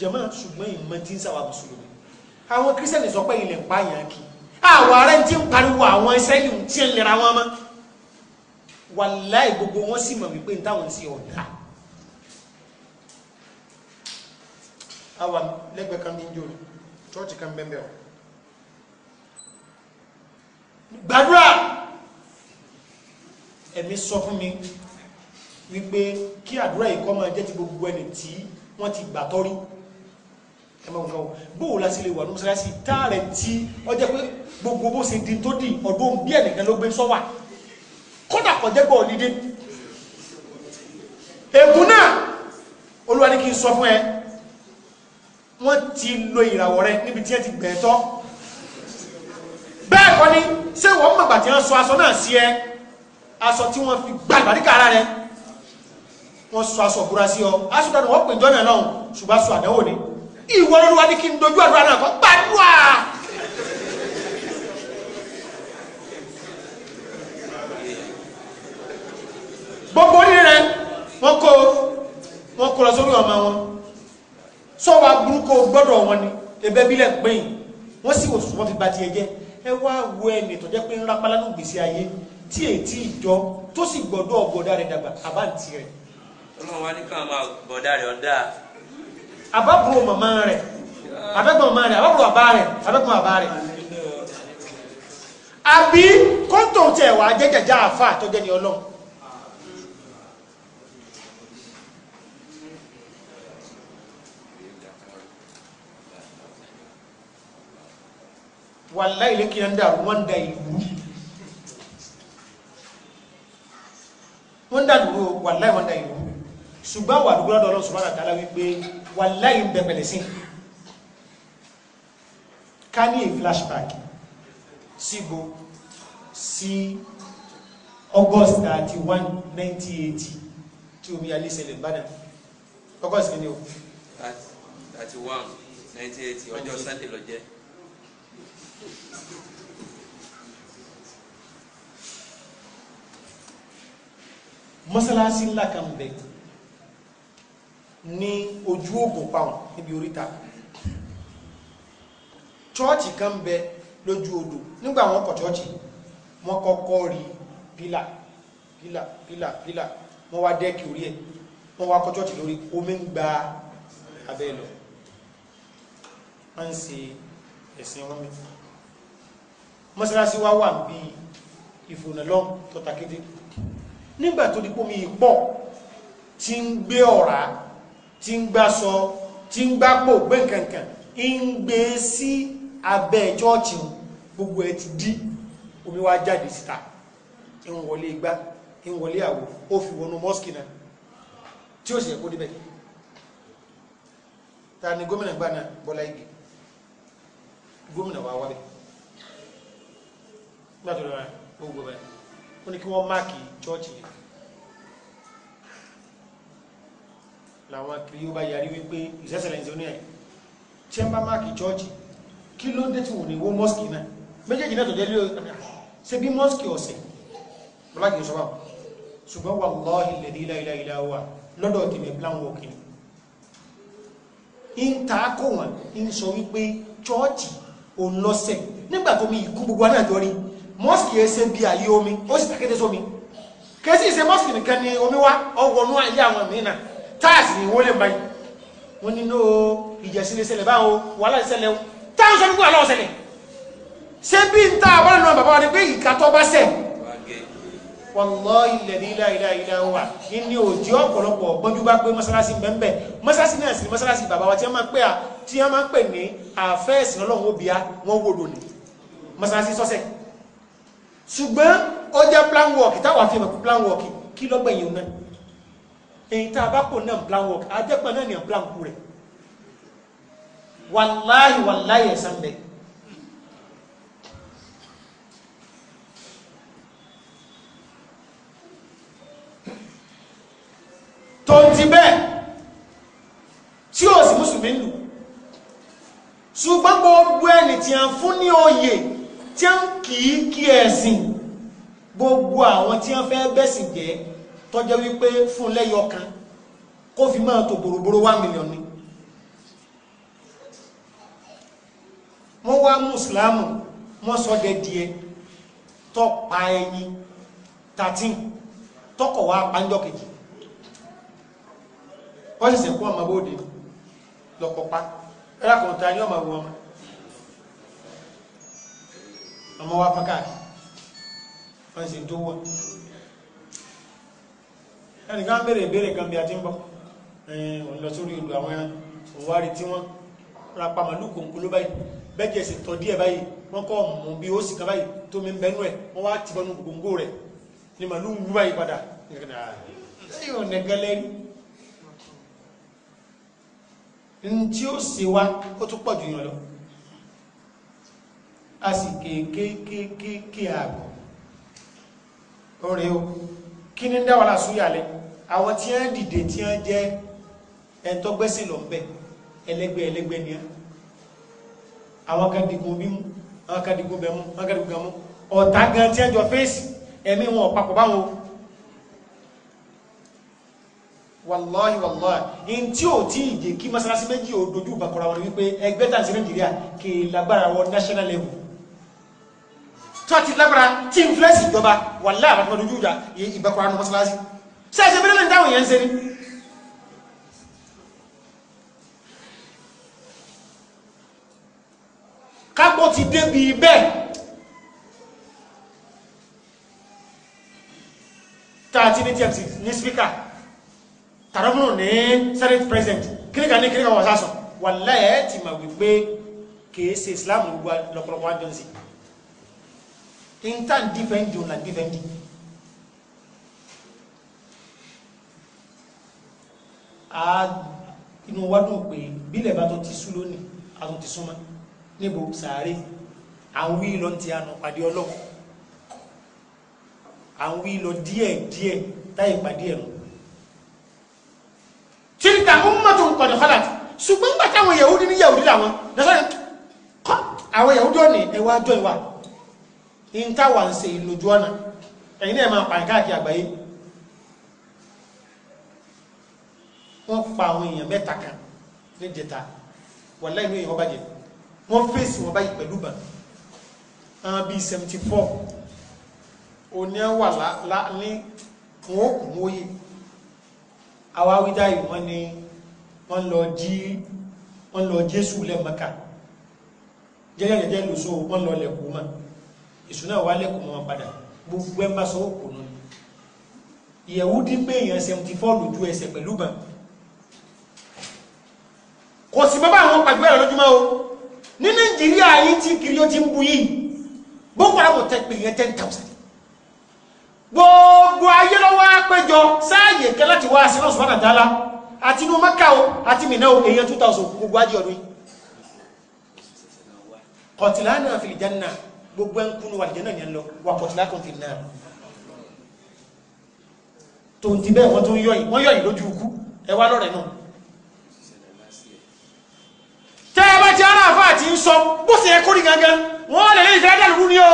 jẹ̀mọ́ ṣùgbọ́n ìmọ̀ tí ń sáwà mùsùlùmí àwọn kírísítẹ̀nì sọ pé ilẹ̀ ń pààyàn kì àwọn ará tí ń pariwo àwọn ìsẹ́lì tí ń lera wọn mọ́ wàláì gbogbo wọn sì mọ̀ wípé táwọn sí ọ̀dà àwọn lẹ́gbẹ̀ẹ́ kan bí ń jòrò chọ́ọ̀chì kan bẹ́ẹ̀ ọ̀ gbàdúrà ẹ̀mí sọ fún mi wípé kí àdúrà yìí kó máa jẹ́ ti gbogbo ẹni tí wọ́n ti gbà tọ́rí ẹmọ nǹkan o la sì lè wà ní mọ́sálásí táàrẹ̀ tí ọjọ́ pé gbogbo bó ṣe di tó di ọdún bí ẹnìkan ló gbé sọ́wà kódà kọjẹ́ gbọ́ ọ̀lídé ègún náà olúwa ní kí n sọ fún ẹ wọ́n ti lo ìràwọ̀ rẹ níbi tí ẹ ti gbẹ̀ tọ́ bẹ́ẹ̀ kọ́ ni ṣé wọ́n mọ̀gbà tí wọ́n sọ aṣọ náà sí ẹ aṣọ tí wọ́n fi gba ìbàdíkà ara rẹ wọ́n sọ aṣọ búra sí ọ aṣọ dànù wọ́n pè jọ́nà náà ṣùgbọ́n aṣọ àdánwò ni ìwọ lórí wa ní kí n dojú àdúrà náà kọ gbàdúrà. gbogbo orí rẹ wọn kó wọn kó lọ sórí ọmọ wọn sọ wa burúkú gbọ́dọ̀ wọn ni ẹ̀bẹ̀ bílẹ̀ gbẹ̀yìn wọn sì wò sùn wọn fi ba tiẹ̀ jẹ ẹ wá wo ẹni tó jẹ́ pé ń rápálá ní gbèsè ayé tí ètí ìjọ tó sì gbọ́dọ̀ bọ̀dá rẹ dàgbà àbáǹtì rẹ. ọlọ́run wa ní káwọn máa bọ̀dá rẹ ọ̀dà àbábùrò màmá rẹ̀ àbẹ́gbọ̀n màmá rẹ̀ àbábùrò àbá rẹ̀ àbẹ́gbọ̀n àbá rẹ̀ àbí kóńtò tẹ̀ wá jẹ́jẹ̀já àfà àtọ́jẹ́ ni ọlọ́run wàlá ilé kí n dà wọ́n da ìlú wọ́n dà lúró wàlá ìwọ́n da ìlú ṣùgbọ́n wà lúgbọ́dọ̀ lọ́sùn bára tààlà wípé wàláyé ń bẹ̀pẹ̀lẹ̀ sí ká ní a flashback síbo sí August 31 1980 tí omi alẹ́ ṣẹlẹ̀ bá náà August kìíní o. 31 1980 ọjọ́ Sunday lọ jẹ́. mọ́sálásí ńlá kan bẹ̀rẹ̀ ní ojú ògùn pàwọn níbi oríta chọ́ọ̀chì kan bẹ lójú odò nígbà wọn kọ̀ chọ́ọ̀chì wọn kọ́kọ́ rí pílà pílà pílà pílà wọn wá dẹ́ẹ̀kì orí ẹ̀ wọn wá kọ́ chọ́ọ̀chì lórí omi ń gba abẹ́ lọ wọ́n ń ṣe ẹ̀sìn wọn mi mọ́sálásí wá wà bí ìfònàlọ́ tọ́takété nígbà tó di pómi ìpọ̀ tí ń gbé ọ̀rá tí ń gbá sọ tí ń gbá pò gbé nkankan ń gbé sí abẹ́ chọ́ọ̀chì gbogbo ẹ̀ ti dí omi wá jáde síta ń wọlé igbá ń wọlé àwò ó fi wọnú mọ́sìkì náà tí ó sì yẹ kó débẹ̀ ta ni gómìnà gbà náà Bọ́lá Ìgè gómìnà wa wá bẹ̀ nígbà tó lọ́ra ó gbọ́ bẹ́ẹ̀ ó ní kí wọ́n máàkì chọ́ọ̀chì yẹn làwọn kiri ó bá yarí wípé ìṣẹ́sẹ̀lẹ̀ ìṣẹ́ oníyàn tí wọ́n bá máàkì chọ́ọ̀chì kí ló dé tí wọ́n ní wó mọ́sìkì náà méjèèjì náà tó jẹ́ lé ṣe bí mọ́sìkì ọ̀sẹ̀ bọ́láàkì sọ́bà ṣùgbọ́n wà lọ́ọ̀hì lẹ́dí ilẹ̀ ilẹ̀ wa lọ́dọ̀ tèmi plan walking in ta kó wọn in sọ wípé chọ́ọ̀chì òun lọ́sẹ̀ nígbà tó mi ìkú gbogbo náà jọ rí mọ́sìkì yẹn ṣe bí àyè omi ó sì tàkété sómi kèsì ìṣe mọ́sìkì nìkan ni omi wá ọwọ́nú ayé àwọn mìíràn táàsì ní ìwọlé báyìí wọ́n ní nó ìjẹ̀sílẹ̀ ṣẹlẹ̀ báwo wàhálà ṣẹlẹ̀ o táwọn sọ nígbà lọ́wọ́ ṣẹlẹ̀ ṣé bí n ta àwọn ọ̀nà bàbá wa ni pé ìka tó bá ṣẹ̀ wallahi alladhi la ilaha illa huwa ní òjì ọ̀pọ̀lọpọ̀ gbọ́njú bá pé mọ́sálásí bẹ́ẹ̀ mọ́sálásí náà sì ni mọ́sálásí bàbá wa tí wọ́n máa pè à tí wọ́n máa pè ní àfẹ́ẹ̀sìn ọlọ́run obìá wọ́n wò lónìí mọ́sálásí sọ́sẹ̀ ṣùgbọ́n ó jẹ́ plan work táwọn àfihàn plan work kí lọ́gbẹ̀yìn náà èyí tá a bá kò náà plan work ajẹ́pẹ́ náà ní à plan kú rẹ̀ wàláhì wàláhì ẹ̀sán bẹ̀. tó ti bẹ́ẹ̀ tí ó sì mùsùlùmí lù ṣùgbọ́n gbogbo ẹni tí a fún ní oyè tí a ń kì í kí ẹ̀sìn gbogbo àwọn tí a fẹ́ bẹ́sìn jẹ́ tọ́jẹ́ wípé fún lẹ́yọ kan kó fi máa tó bòròbòrò one million ni wọ́n wá mùsùlámù wọ́n sọ dẹ́díẹ tọ́pa ẹyin 13 tọ́kọ̀ wá pánjọ́ kejì wọ́n sì sẹ̀kú ọmọ bóde lọ́kọ̀pá ẹ̀rákọ̀ọ́ta ní ọmọ wọn ọmọ wá pákàkì wọ́n sì tó wọ́n ẹnìkan bèèrè ìbéèrè kan bí a ti ń bọ́ òun lọ sórí odò àwọn ẹran òun wá rí tí wọ́n ra pa màlúù báyìí bẹ́ẹ̀jẹ̀ sì tọ́ díẹ̀ báyìí wọ́n kọ́ bí ó sì kan báyìí tó mi ń bẹnu ẹ̀ wọ́n wá ti rẹ̀ ni wú a sì kí ní dáwàlá súyàlẹ̀ àwọn tí wọ́n dìde tí wọ́n jẹ́ ẹ̀ntọ́gbẹ́sìn lọ́pẹ́ ẹlẹ́gbẹ́ ẹlẹ́gbẹ́ ni àwọn kan dìgbò mímú àwọn kan dìgbò bẹ̀mú àwọn kan dìgbò gàmú ọ̀tá gan tí ẹjọ́ fèsì ẹ̀mí wọn ọ̀pàpọ̀ báwọn wàláhì wàláhì in tí ò tí ìjẹ́ kí mọ́sálásí méjì ò dojú ìbàkọ̀ra wọn wípé ẹgbẹ́ tàbí Nàìjíríà kì í lágbára wọn national level tó ti lágbára tí influence ìjọba wà láàbà tó dojú ìjà ìbẹ̀kọ̀rọ̀ ní mọ́sálásí sẹ́ẹ̀sẹ̀ bí lẹ́yìn táwọn yẹn ń ṣe ni kápọ̀ ti débi bẹ́ẹ̀ tààtí ní tmc ní spíkà tàrọ́mùnù ní senate president kíríkà ní kíríkà wọ̀ sásọ̀ wà láyẹ̀ ti mà wípé kìí ṣe islam gbogbo lọ́pọ̀lọpọ̀ àjọ́nsìn intan difendi on la difendi a inú wa dùn pé bílẹ̀ bá tó ti sú lónìí a tó ti súnmọ́ níbo sàárè à ń wí lọ ti àná pàdé ọlọ́run à ń wí lọ díẹ̀ díẹ̀ táyì pàdé ẹ̀rọ tilka ummatun qad khalat ṣùgbọ́n gbàtà àwọn yahudi ní yahudi làwọn lọ́sọ̀rọ̀ àwọn yahudi ọ̀nì ẹ̀wà àjọ ìwà in táwà ń ṣe ìlójú ọ̀nà ẹ̀yìn náà máa pàrìn káàkiri àgbáyé wọ́n pa àwọn èèyàn mẹ́ta kan ní jẹta wà láìnú èèyàn ọba jẹ wọ́n fèsì wọn báyìí pẹ̀lú bàn àwọn bíi seventy four òní wà lá ní wọn ò kún wóye àwa wíjà yìí wọ́n ní wọ́n lọ jí wọ́n jésù lẹ́ẹ̀mẹ́ka jẹ́jẹ́jẹ́jẹ́ lóso wọ́n lọ lẹ̀kọ́ mọ́ ìṣúná wálẹ̀ kò mọ́ wọn padà gbogbo ẹ̀ ń bá sọ ó kò nù ìyẹ̀wò dín pé èèyàn seventy four lójú ẹsẹ̀ pẹ̀lú bàn kò sì bọ́ bá àwọn pàgbé ẹ̀rọ lójúmọ́ o ní nàìjíríà yìí ti kiri ó ti ń bu yìí Boko Haram tẹ́ pé ìyẹn ten thousand gbogbo ayé lọ́wọ́ àpéjọ sáàyè kẹ́ láti wá sí lọ́sùn bánà dáálá àti inú mẹ́kà o àti mìíràn o èèyàn two thousand gbogbo ajé yìí kọ̀tìlá náà gbogbo ẹnkúnnú àlìjẹ́nà yẹn lọ wà pọ̀tílákùn fi náà tó ń ti bẹ́ẹ̀ wọ́n tó ń yọ́yìn wọ́n yọ́yìn lójú ikú ẹwà lọ́rẹ̀ náà tẹ́ ẹ bá ti ara àfá àti ń sọ bó sì yẹ kórì gangan wọ́n lè lè ìfẹ́ dàlú ní o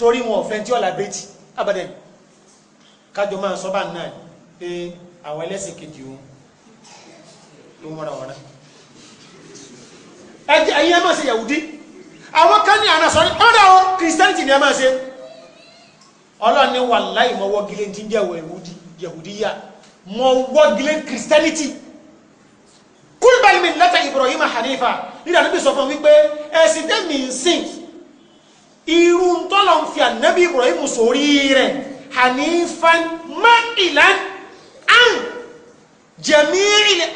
torí wọn ọ̀fẹ́ tí ọ̀là bẹ́ẹ̀tì abẹ́dẹ̀ kájọ máa sọ bá náà pé àwọn ẹlẹ́sìn kejì òun ló ń wọ́n ra wọ́n rẹ̀ ẹ̀yìn máa ṣe yàwùdí àwọn kan ní àná sọ́rí ọ̀dà o kìrìsìtẹ́nìtì ni a máa ṣe ọlọ́run ní wàláhì mọ́ wọ́gilé tí ń jẹ́ yẹ̀hùdíyà mọ́ wọ́gilé kìrìsìtẹ́nìtì kúlbẹ̀lì mi lẹ́tà Ibrahim hanifa nígbà níbi sọ fún wípé ẹ̀sìn tẹ́mi ń sìn irú tọ́lọ̀ ń fi ànábì Ibrahim sórí rẹ̀ hanifa má ìlànà àn jẹ̀mí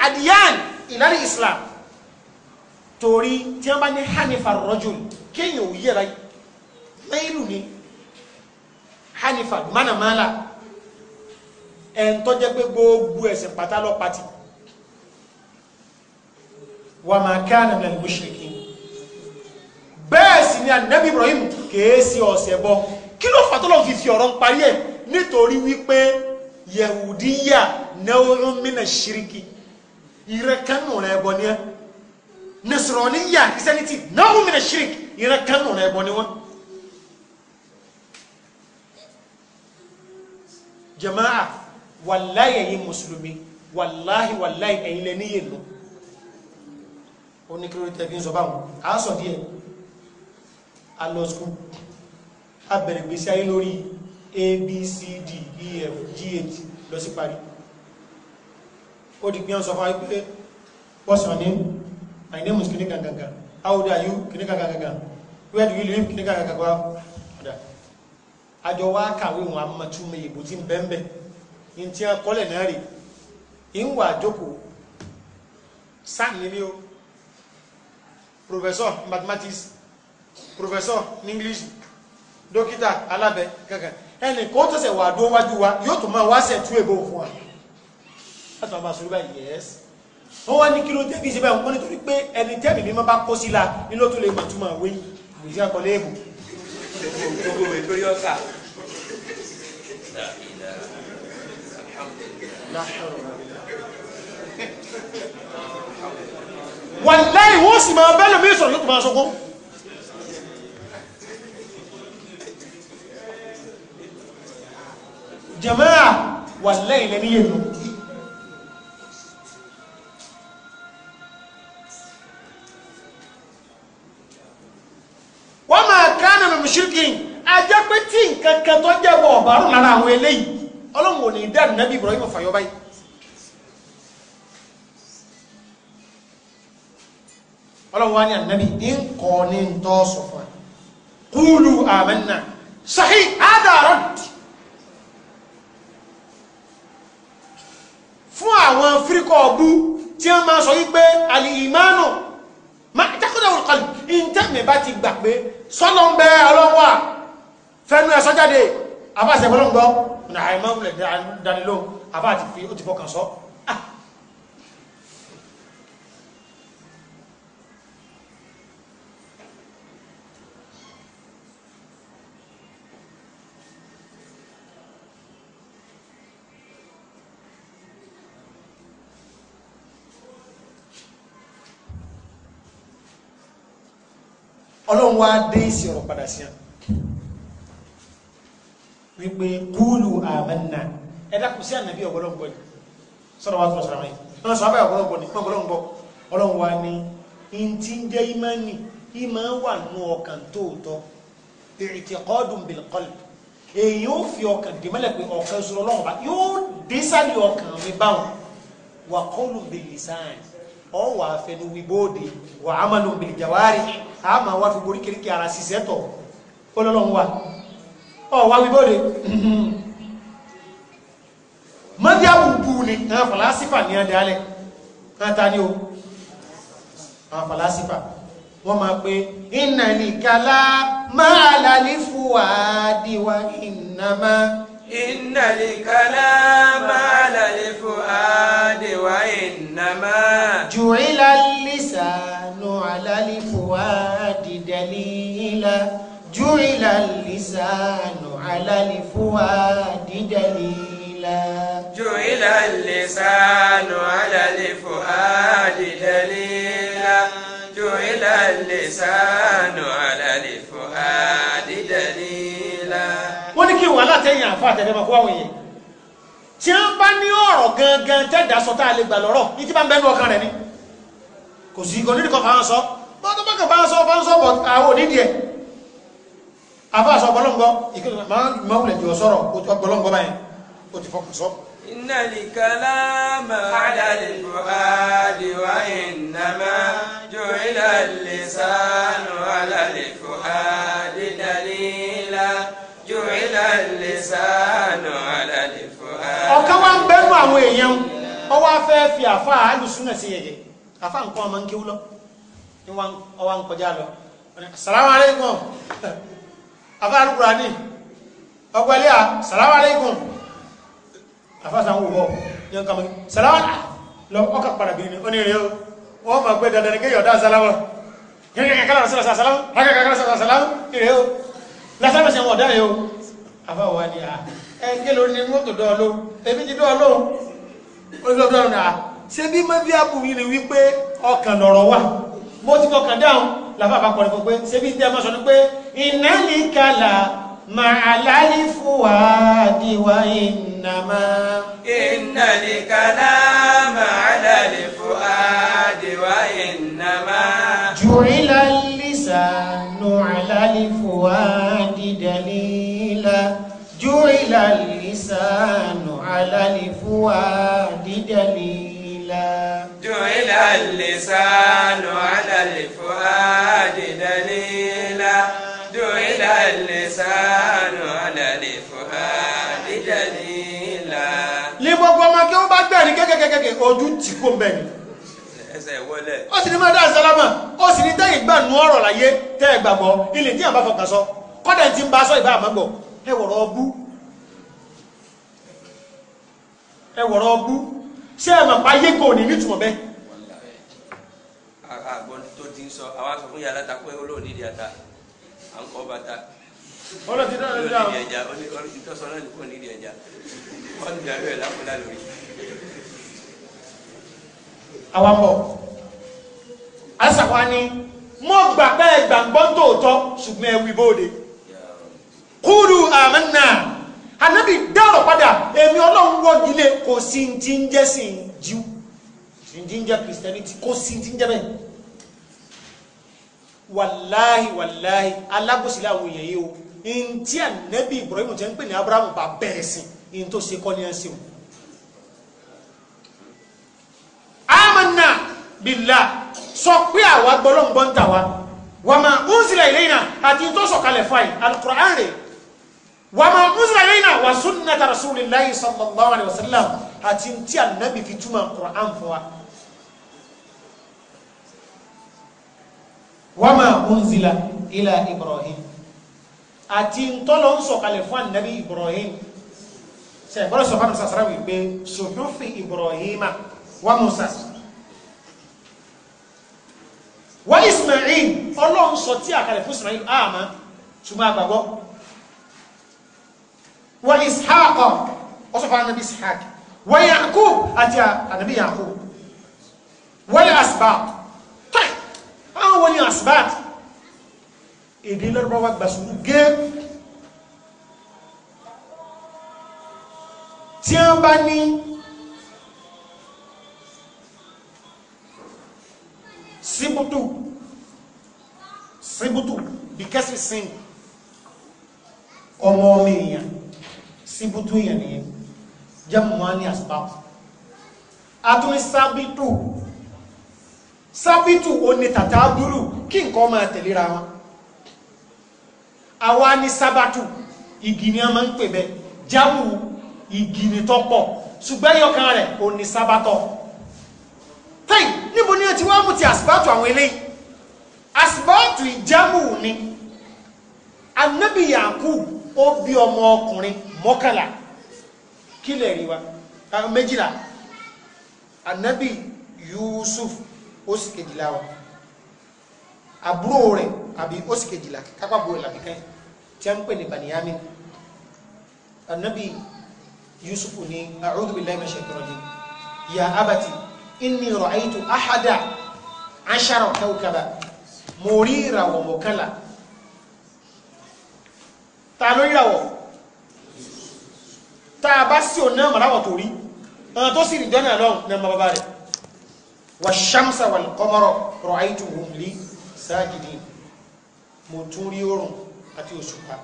àdìyàn ìlànà Islam torí tí wọ́n bá ní hanifa rọ́jùn kéèyàn ò yẹra mẹ́ìlù ni hanifa mánàmánà ẹ̀ ń tọ́jẹ́ pé gbogbo ẹ̀sìn pátá lọ pati wà máa kana min al-mushrikin bẹ́ẹ̀ sì ni anabi ibrahim kèésì ọ̀sẹ̀ bọ́ kí ló fà tó lọ́n fi fi ọ̀rọ̀ ń parí ẹ̀ nítorí wípé yahudiya náà ń mìnà ṣíríkì ìrẹ́kánù rẹ̀ bọ́ ni ẹ́ nasraniya christianity náà mìíràn shirk ìran kan ọ̀nà ẹ̀bọ ni wọ́n. jama'a wàláyé ẹ̀yin mùsùlùmí wàláhì wàláhì ẹ̀yin lẹ níyè lọ ó ní kílódé tẹ́ fi ń sọ báwọn a sọ díẹ̀ a lọ skul a bẹ̀rẹ̀ gbèsè ayé lórí a b c d e f g h lọ sí parí ó di gbìyànjú sọ fún wa pé what's your name my name is kinikan how old are you kinikan where do you live kinikan kankan wa ọ̀dà àjọ wa kàwé wọn amọ̀túnmọ̀ ìbò tí ń bẹ́ẹ̀ bẹ́ẹ̀ ní tí wọn kọ́lẹ̀ náà rè ń wà jókòó sáà nílé o professor mathematics professor in english dókítà alábẹ kankan ẹnì kó tó ṣe wà dó wájú wa yóò tó máa wá ṣe tú èbó fún wa láti máa bá a sọ lóba yes wọ́n wá ní kí ló débi ìṣẹ́bẹ̀ wọ́n nítorí pé ẹni tẹ́mì mímọ́ bá kó síla ní ló tó lè mọ̀ túmọ̀ wé ìṣẹ́ ọkọ̀ léèbù. gbogbo ìwé tó yọ sà. wàláì wọ́n sì máa bẹ́ẹ̀ lómi ìsọ̀rọ̀ yóò tó máa sọkún. jàmáà wàláì lẹ́ni yẹn lọ. wọ́n máa kánà mi mùsùlùkì ajẹ́ pé tí nǹkan kan tó jẹ́ bọ̀ ọ̀bàrún lára àwọn eléyìí ọlọ́run ò ní dá nàbí Ibrahim fàyọ báyìí. ọlọ́run wá ní ànábì ń kọ́ ní tọ́ sọ fún ẹ kúlù àmẹ́nà sàhí àdàrọ̀ fún àwọn fíríkọ̀ ọ̀bú tí wọ́n máa sọ wípé àlìmánu má tẹ́kọ̀dọ̀ wọ̀ kọ́lù ìntẹ́mi bá ti gbà pé sọ́nà ń bẹ ọlọ́wà fẹ́nu ẹ̀sọ́ jáde àbáṣẹ́ ọlọ́ngbọ́ ọ̀nà àìmọ́ ọlọ́run wá dé ìsì ọ̀rọ̀ padà sí àn wípé kúlù àmànà ẹ̀dá kù sí ànàbí ọ̀gbọ́lọ́gbọ́ ni sọ́rọ̀ wá tọ́lọ̀ sọ́rọ̀ yìí wọ́n sọ abẹ́ ọ̀gbọ́lọ́gbọ́ ni ọ̀gbọ́lọ́gbọ́ ọlọ́run wá ní in ti ń jẹ́ ìmánì ìmá wà nù ọkàn tóòtọ́ ìrìtìkọ́dùn bìlkọ́lù èyí ó fi ọkàn dìmọ́lẹ̀ pé ọ̀kan sọ̀rọ̀ lọ́wọ́ bá yóò dé sálẹ̀ ọkàn mi báwọn wà kọ́lù bìlìsáàn ọ̀ wà fẹnu wíbóde wà ámàlù bìlìjàwárì a máa wá fi borí kéríkì ara ṣiṣẹ́ tọ̀ ọlọ́lọ́run wa ọ wá wíbọ́dé mọ́díàwù bú ni àwọn fàlásífà ní adalẹ̀ káta ní o àwọn fàlásífà wọ́n máa pé iná ní kálá máa lálífù àdíwá ìnàmá إن الكلام على الفؤاد وإنما جعل اللسان على الفؤاد دليلا جعل اللسان على الفؤاد دليلا جعل اللسان على الفؤاد دليلا جعل اللسان على الفؤاد wọ́n ní kí wọ́n alátẹ̀yìn àfa àtẹ̀fẹ́mọ̀ àwọn èèyàn tí wọ́n bá ní ọ̀rọ̀ gangan tẹ́dà sọ tá a lè gbà lọ́rọ̀ ní tí bá ń bẹ́nu ọkàn rẹ̀ ni kò sí ìgò nídìí kan fáwọn sọ bọ́n máa wulẹ̀ jù ọ sọ̀rọ̀ ọgbọ́lọ́ngbọ́ báyẹn ó ti fọkàn sọ. إن الكلام على الفؤاد وإنما جعل اللسان على الفؤاد دليلا ọ̀kan wá ń bẹ́nu àwọn èèyàn ọ fẹ́ fi àfá àálùsúnà sí yẹ̀yẹ̀ àfá nǹkan ọmọ ń kí wúlọ́ ọwá ń kọjá lọ sàlámà aláìkùn àfá alùkùrà ní ọgbẹ̀lẹ́ à sàlámà aláìkùn àfá sàwọn òwò ní ọkà mọ́ sàlámà lọ ọkà padà bìrì ní ó ní ìrẹ́ o wọ́n mọ̀ pé dandan ní kéyọ̀dá sàlámà lásàbẹ̀sẹ̀ wọn ọ̀dá yóò afáwọ̀ ni à ẹgbẹ́ lórí ni mọ́tò dọ́ ọlọ́ ebi ti dọ́ ọlọ́ olùdọ́dọ́ ọ̀nà à ṣe bí mọ́ bí àbù yìí ni wípé ọkàn lọ̀rọ̀ wà mo ti kọkàn dáhùn làbá bá kọrin fún pé ṣe bí tẹ́ mọ́ sọ ni pé iná ní nù àlàlí fún قتل اللسان على الفؤاد دليلا جعل اللسان على الفؤاد دليلا جعل اللسان على الفؤاد دليلا ní gbogbo ọmọ kí wọ́n bá gbẹ̀rí kékèkékè ojú tí kò mbẹ̀ ni ẹsẹ̀ wọlé ó sì ní máa dá àsálámà ó sì ní tẹ́yìn gbà nú ọ̀rọ̀ láyé tẹ́ ẹ gbàgbọ́ ilé tí àbá fọkàn sọ kọ́dẹ̀ tí ń bá sọ ìbá àmọ́gbọ̀ ẹ wọ̀rọ̀ ọbú ẹwọ̀rọ̀ ọgbú ṣé ẹ̀mọ̀ páyé kò ní nítumọ̀ bẹ́ẹ̀. àgbọn tó ti ń sọ àwọn aṣọ fún yàrá ta pé olóòdì ni ata à ń kọ́ bàtà olóòdì náà ló dáa olóòdì ẹja olóòdì tó sọ náà ní kò nídìí ẹja wọn ti dàrú ẹ lápòlá lórí. àwa bọ̀ àṣàwa ni mo gbà pé gbàgbọ́ tòótọ́ ṣùgbọ́n ẹ wí bóde kúrú àmì náà anabi dáàrọ̀ padà èmi ọlọ́run wọ́gi lé kò sí ti ń jẹ́ sí jíú sí ti ń jẹ́ christianity kò sí ti ń jẹ́ bẹ́ẹ̀ wàláhì wàláhì alábòsí láwọn èèyàn yìí o in tí anabi Ibrahim tẹ́ ń pè ní Abrahamu bá bẹ̀rẹ̀ sí in tó ṣe kọ́ ní ẹ̀ sẹ́wọ̀n amanna billah sọ pé àwa gbọ́lọ́ngbọ́n tà wa wàmà unzila ilayna àti tó sọ̀kalẹ̀ fáì alukur'an rèé wàmà ọ̀nzàlẹ́yìnà wà sunnata rasulillahi sallallahu alayhi wa sallam àti ntí ànábì fi túmọ̀ qur'an fún wa. wàmà ọ̀nzìlà ilà ibrahim àti ntọ́lọ̀ nsọ̀kalẹ̀ fún ànábì ibrahim sẹ bọ́lá sọ fún sàsàrà wípé suhufi ibrahima wà musa wà ismail ọlọ́run sọ tí àkàlẹ̀ fún ismail àmà túmọ̀ àgbàgbọ́ wa ishaqa ọsọ fún anabi ishaq wa yaqub àti anabi yaqub wal asbat tá àwọn wọlé asbat èdè lọ́rọ̀bá gbàsùn gé tí a bá ní síbútù síbútù bí kẹsì sin ọmọ ọmọ èèyàn síbútú yẹn nìyẹn jẹ́mùmání àsìpáàpù àtúní sábìtù sábìtù ó ní tàtà búrú kí nǹkan máa tẹ̀léra wọn àwa ní sábàtù igi ni a máa ń pè bẹ jámù igi ni tó pọ̀ ṣùgbọ́n ẹyọkan rẹ̀ ó ní sábàtọ̀ tẹ́yì níbo ni o ti wá mú ti àsìpáàtù àwọn eléyìí àsìpáàtù ìjámù ni anábìyàkú ó bí ọmọ ọkùnrin mọ́kànlá kílẹ̀ rí wa méjìlá anabi yusuf ó sì kejìlá wa àbúrò rẹ̀ àbí ó sì kejìlá kápábò rẹ̀ làbí kan tí a ń pè ní baniyamin anabi yusuf ní a'udhu billahi minash shaitanir ya abati inni ra'aytu ahada ashara kawkaba mo rí ìràwọ̀ mọ́kànlá ta ló ìràwọ̀ tá a bá sí òun náà màláwọ̀ tó rí ọ̀nà tó sì rí jọ́nà lọ́n ní ọmọ bàbá rẹ̀ wà ṣámsà wà kọ́mọ́rọ̀ rọ̀ àìtù wùm lé sáàgìdì mo tún rí oòrùn àti òṣùpá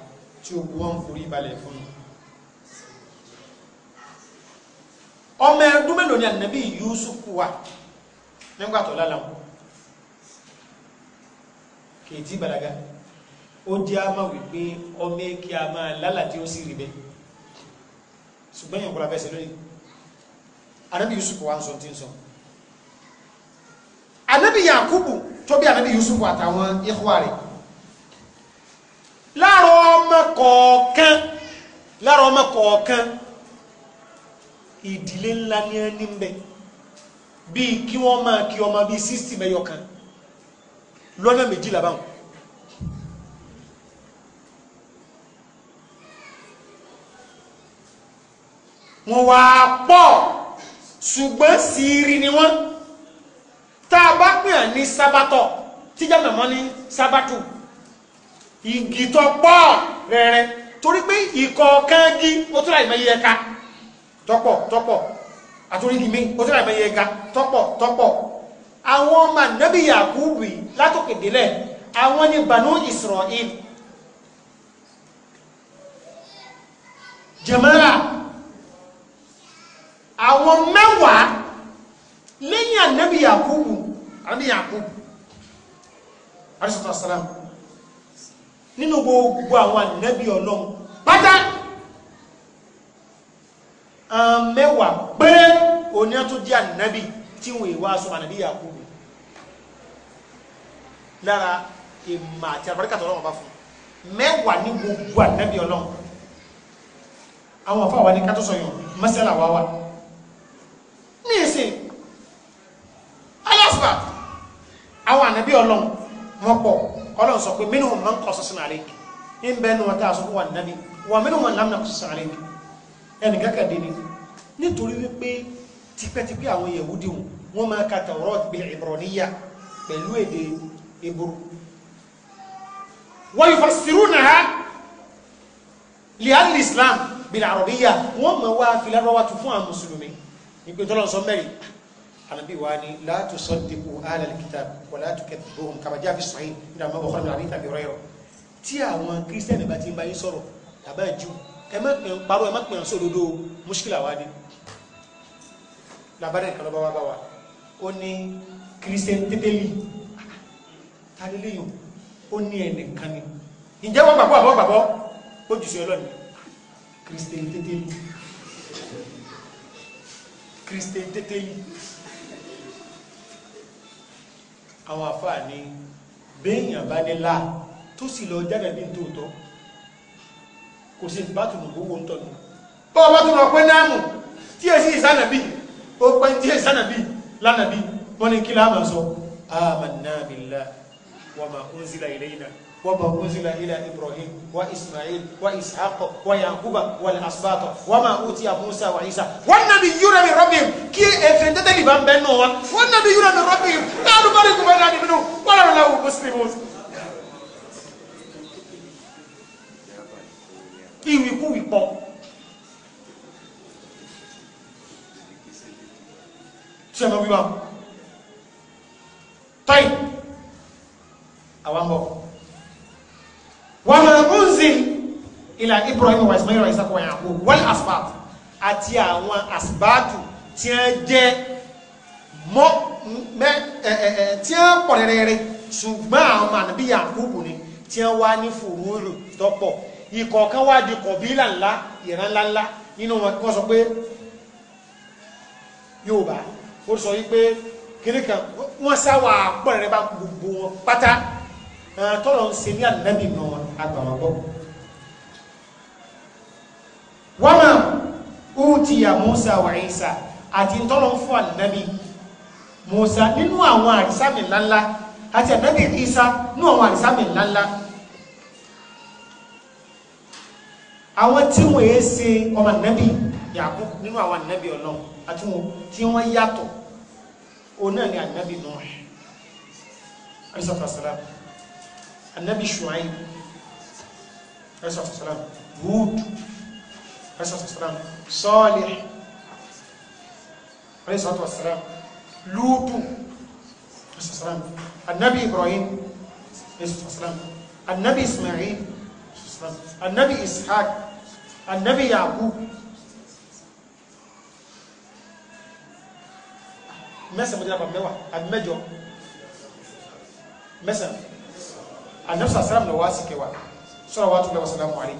tí ó wọ́n ń balẹ̀ fún mi ọmọ ẹdún mélòó ni ànábì Yusuf wà nígbà tó lálàmù kèétí balaga ó jẹ́ àmà wípé ọmọ èké a máa lálà ó sì rí bẹ́ẹ̀ ṣùgbọ́n yẹn kọ́lá fẹ́sẹ̀ lónìí anabi yusuf wa ń sọ tí ń sọ anabi yakubu tó bí anabi yusuf àtàwọn ikhwari láàrọ ọmọ kọ̀ọ̀kan láàrọ ọmọ kọ̀ọ̀kan ìdílé ńlá ní ẹni ń bẹ kí wọ́n máa kí ọmọ bíi 60 mẹ́yọ lọ́nà méjìlá báwọn wọ́n wá pọ̀ ṣùgbọ́n sírí ni wọ́n tá a bá pè ní sábàtọ̀ tíjà mọ̀mọ́ ní sábàtù igi tó pọ̀ rẹ̀rẹ̀ torí pé ìkọ̀ọ̀kan gí ó tún láì mẹ́yẹ ẹ̀ka tọ́pọ̀ tọ́pọ̀ àtúrígi mi ó tún láì mẹ́yẹ ẹ̀ka tọ́pọ̀ tọ́pọ̀ àwọn ọmọ ànábì Yakubi látòkè àwọn ni Banu Israel jẹmọ́ra àwọn mẹ́wàá lẹ́yìn ànábì Yakubu ànábì Yakubu arísọ̀tọ̀ àsàlám nínú gbogbo àwọn ànábì ọlọ́run pátá mẹ́wàá péré òní tó jẹ́ ànábì tí wọ́n èwà aṣọ ànábì Yakubu lára ìmà àti àbáríkàtọ̀ ọlọ́run bá fún mẹ́wàá ní gbogbo ànábì ọlọ́run àwọn àfáwà ní kátó sọyàn mẹ́sẹ̀lá wá wà ní ìsìn alásùbà àwọn ànábí ọlọ́run wọn pọ̀ ọlọ́run sọ pé mínú ma ń kọ́ sọ́sìn àlẹ́ ń bẹ́ nu wọn tá a sọ fún wa nàbí wọn mínú ma ń lámìnà kọ́ sọ́sìn àlẹ́ ẹnì kẹ́kẹ́ dé ni nítorí wípé tipẹ́tipẹ́ àwọn yẹ̀wúdí wọn máa ka tàwọ́rọ́ bí ìbọ̀rọ̀níyà pẹ̀lú èdè ìbúrú wọ́n yóò fàṣírù náà lè al islam bí àrọ̀bíyà wọ́n máa wá filarọ́wà tún fún àwọn mùsùlùmí ìpè tó lọ́n sọ mẹ́rin anabi wa ni la tusaddiqu ahlal kitab wa la tukadhibuhum kama jaa fi sahih nínú àwọn ọkọ mi àbí tàbí ọ̀rọ̀ yẹrọ tí àwọn kírísítẹ́nì bá ti ń bá yín sọ̀rọ̀ tàbá jù ẹ má pè ń parọ́ ẹ má pè ń sòdodo mushkila wa ni labarin kan ló bá wá bá wa ó ní kírísítẹ́nì tẹ́tẹ́lì tàlélẹ́yìn ó ní ẹnìkan ni ǹjẹ́ wọ́n gbàgbọ́ àbọ̀ gbàgbọ́ ó jù sí ọlọ́ni kírísítẹ́nì tẹ́tẹ́lì Christian Teteli àwọn àfáà ní béèyàn bá nílá tó sì lọ jáde bí n tóòtọ́ kò sí ìbátùnù owó ń tọ́nu bọ́ ọba tó lọ pé náàmù tí èsì ìsànàbí ó pẹ́ tí èsì ìsànàbí lánàbí wọ́n ní kí láàmà sọ amanna billah wa ma unzila ilayna وما أنزل إلى إبراهيم وإسماعيل وإسحاق ويعقوب والأسباط وما أوتي موسى وعيسى والنبيون من ربهم كي أفندت لي بان بنوا والنبيون من ربهم لا نبارك من أحد منهم ولا له مسلمون ìwì kú ìpọ̀ tí a mọ̀ wíwá tọ́yì àwọn ọmọ wà máa ń zin ilà Ibrahim wa Ismail wa Isaac wa Yaqub wal asbat àti àwọn asbatu tí wọ́n jẹ́ mọ́ mẹ́ ẹ ẹ ẹ tí wọ́n pọ̀ rẹ̀rẹ̀rẹ̀ ṣùgbọ́n àwọn ọmọ àbí Yakubu ni tí wọ́n wá ní fòrúurù tọ́pọ̀ ìkọ̀ọ̀kan wá di kọ̀bílà ńlá ìran ńlá nínú wọn kí sọ pé Yorùbá ó sọ wípé kíníkan wọ́n sáwà pọ̀ bá gbogbo wọn pátá Eh, tọ́lọ̀ ń ṣe ní ànábì nà àgbàwọ̀gbọ́ wọ́n mà ó ti yà Musa wà Isa àti tọ́lọ̀ ń fún ànábì Musa nínú àwọn àrísàmì ńláńlá àti ànábì Isa nínú àwọn àrísàmì ńláńlá àwọn tí wọ́n yé ṣe ọmọ ànábì yàgò nínú àwọn ànábì ọlọ́run àti wọn tí wọ́n yàtọ̀ òun náà ni ànábì Nuh àrísàtọ̀ àsàlámù النبي شعيب عليه الصلاه والسلام هود عليه الصلاه والسلام صالح عليه الصلاه والسلام لوط عليه الصلاه والسلام النبي ابراهيم عليه الصلاه والسلام النبي اسماعيل عليه الصلاه والسلام النبي اسحاق النبي يعقوب مثلا مثلا mo ti dabaa anamsa salam na wá sí kẹwàá sọ́rọ̀ wá túnlẹ̀ wasalam wà rí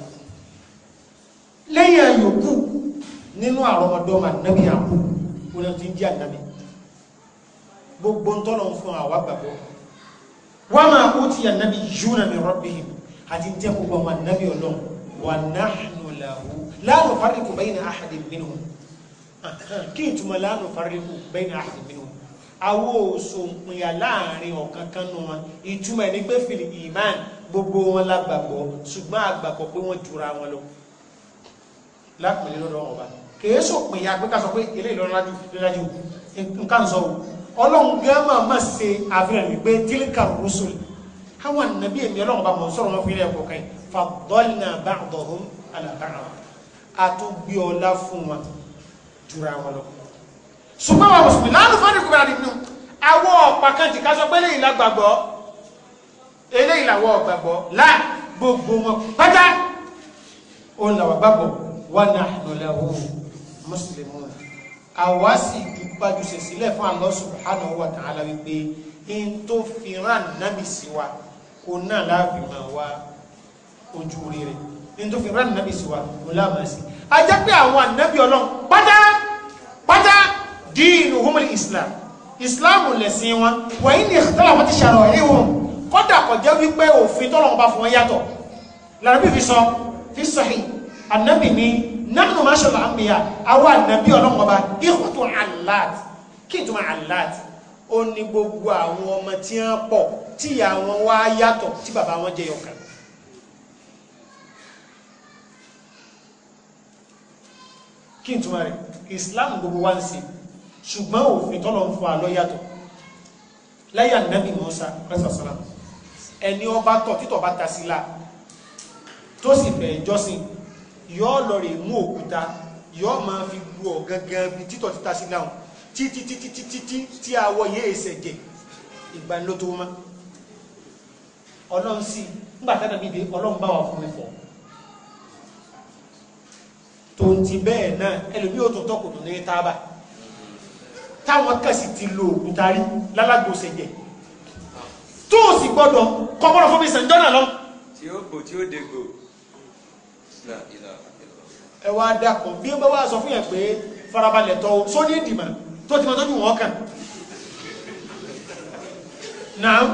lẹ́yìn àyòkù nínú àrọmọdọ́mà nàbí àkú wọn ti ń jẹ́ ànábì gbogbo ń tọ́nà fún àwa gbàgbọ́ wọ́n máa kó ti ànábì yúnà min rabbihim àti tẹ́ gbogbo ọmọ ànábì ọlọ́run wà nahnu lahu la nufarriqu bayna ahadin minhum kí awo òṣòpinya láàrin ọ̀kan kan nu wọn ìtumọ̀ ẹni pé fìlì iman gbogbo wọn lágbàgbọ́ ṣùgbọ́n àgbàgbọ́ pé wọ́n jura wọn lọ lápẹ̀lẹ́ lọ́dọ̀ ọba kìí ṣòpinya pé ká sọ pé eléyìí lọ́nà lájú nǹkan sọ o ọlọ́run gẹ́mà má ṣe àfihàn wípé tílíkà rúṣùl àwọn ànàbí èmi ọlọ́run bá mọ̀ sọ̀rọ̀ wọn fi ilẹ̀ ọkọ̀ kan bá àdọ̀hún alàbára àtúgbì fún wọn jura wọn lọ ṣùgbọ́n wọn mùsùlùmí lánàá fún ẹnìkú bẹ̀rẹ̀ nínú àwọn ọ̀pá kan ti ká sọ pé eléyìí lágbàgbọ́ eléyìí làwọn ọ̀gbàgbọ́ lá gbogbo wọn pátá òun làwọn gbàgbọ́ wà náà lọ́lẹ́wọ́ mùsùlùmí àwa sì gbajúṣe sílẹ̀ fún Allah subhanahu wa ta'ala wípé in tó fi rán nàbì sí wa kò náà láàfin máa wá ojú rere in tó fi rán nàbì sí wa kò láàmà sí. a pé àwọn ànábì ọlọ́run pátá díìnù humul islam ìsìláàmù lẹ̀sìn wọn wọ̀nyí ni ìtọ́lá wọn ti ṣàrọ̀ ìhùn kọ́dà kọ̀ jẹ́ wípé òfin tọ́lọ̀ wọn bá fún wọn yàtọ̀ làrẹ́bí fi sọ fi sọ̀hìn ànábì ní nánú máa ṣọlọ àmìyà àwọn ànábì ọlọ́run ọba ìkùtù aláàt kí n tún máa aláàt ó ní gbogbo àwọn ọmọ tí wọ́n pọ̀ tí àwọn wá yàtọ̀ tí bàbá wọn jẹ́ yọ̀kan kí n tún máa rẹ̀ islam gbogbo wa ń sìn ṣùgbọ́n òfin tọ́lọ ń fún alọ́yàtọ̀ lẹ́yìn ànábì Mùsá rẹ́sàsánà ẹni ọba tọ̀ títọ̀ bá ta sílá tó sì fẹ́ jọ́sìn yóò lọ rè mú òkúta yóò máa fi gbu ọ̀ gangan bí títọ̀ títa sílá hùn títí títí títí tí awọ yé èsè jẹ ìgbà ló tó mọ́ ọlọ́run sí nígbà tánà bíbi ọlọ́run bá wà fún mi tòun ti bẹ́ẹ̀ náà ẹlòmíì ò tó tọ́kùtù ní tábà táwọn kan sì ti lo òkúta rí lálágbó sẹ̀jẹ̀ tó o sì gbọ́dọ̀ kọ́bọ́rọ̀ fún mi sàn jọ́nà lọ. tí ó bò tí ó dègbò. ẹ wá dàpọ̀ bí ó bá wá sọ fún yẹn pé farabalẹ̀ tọ́ o sóní ìdìmọ̀ tó ti mọ tójú wọn kàn. naam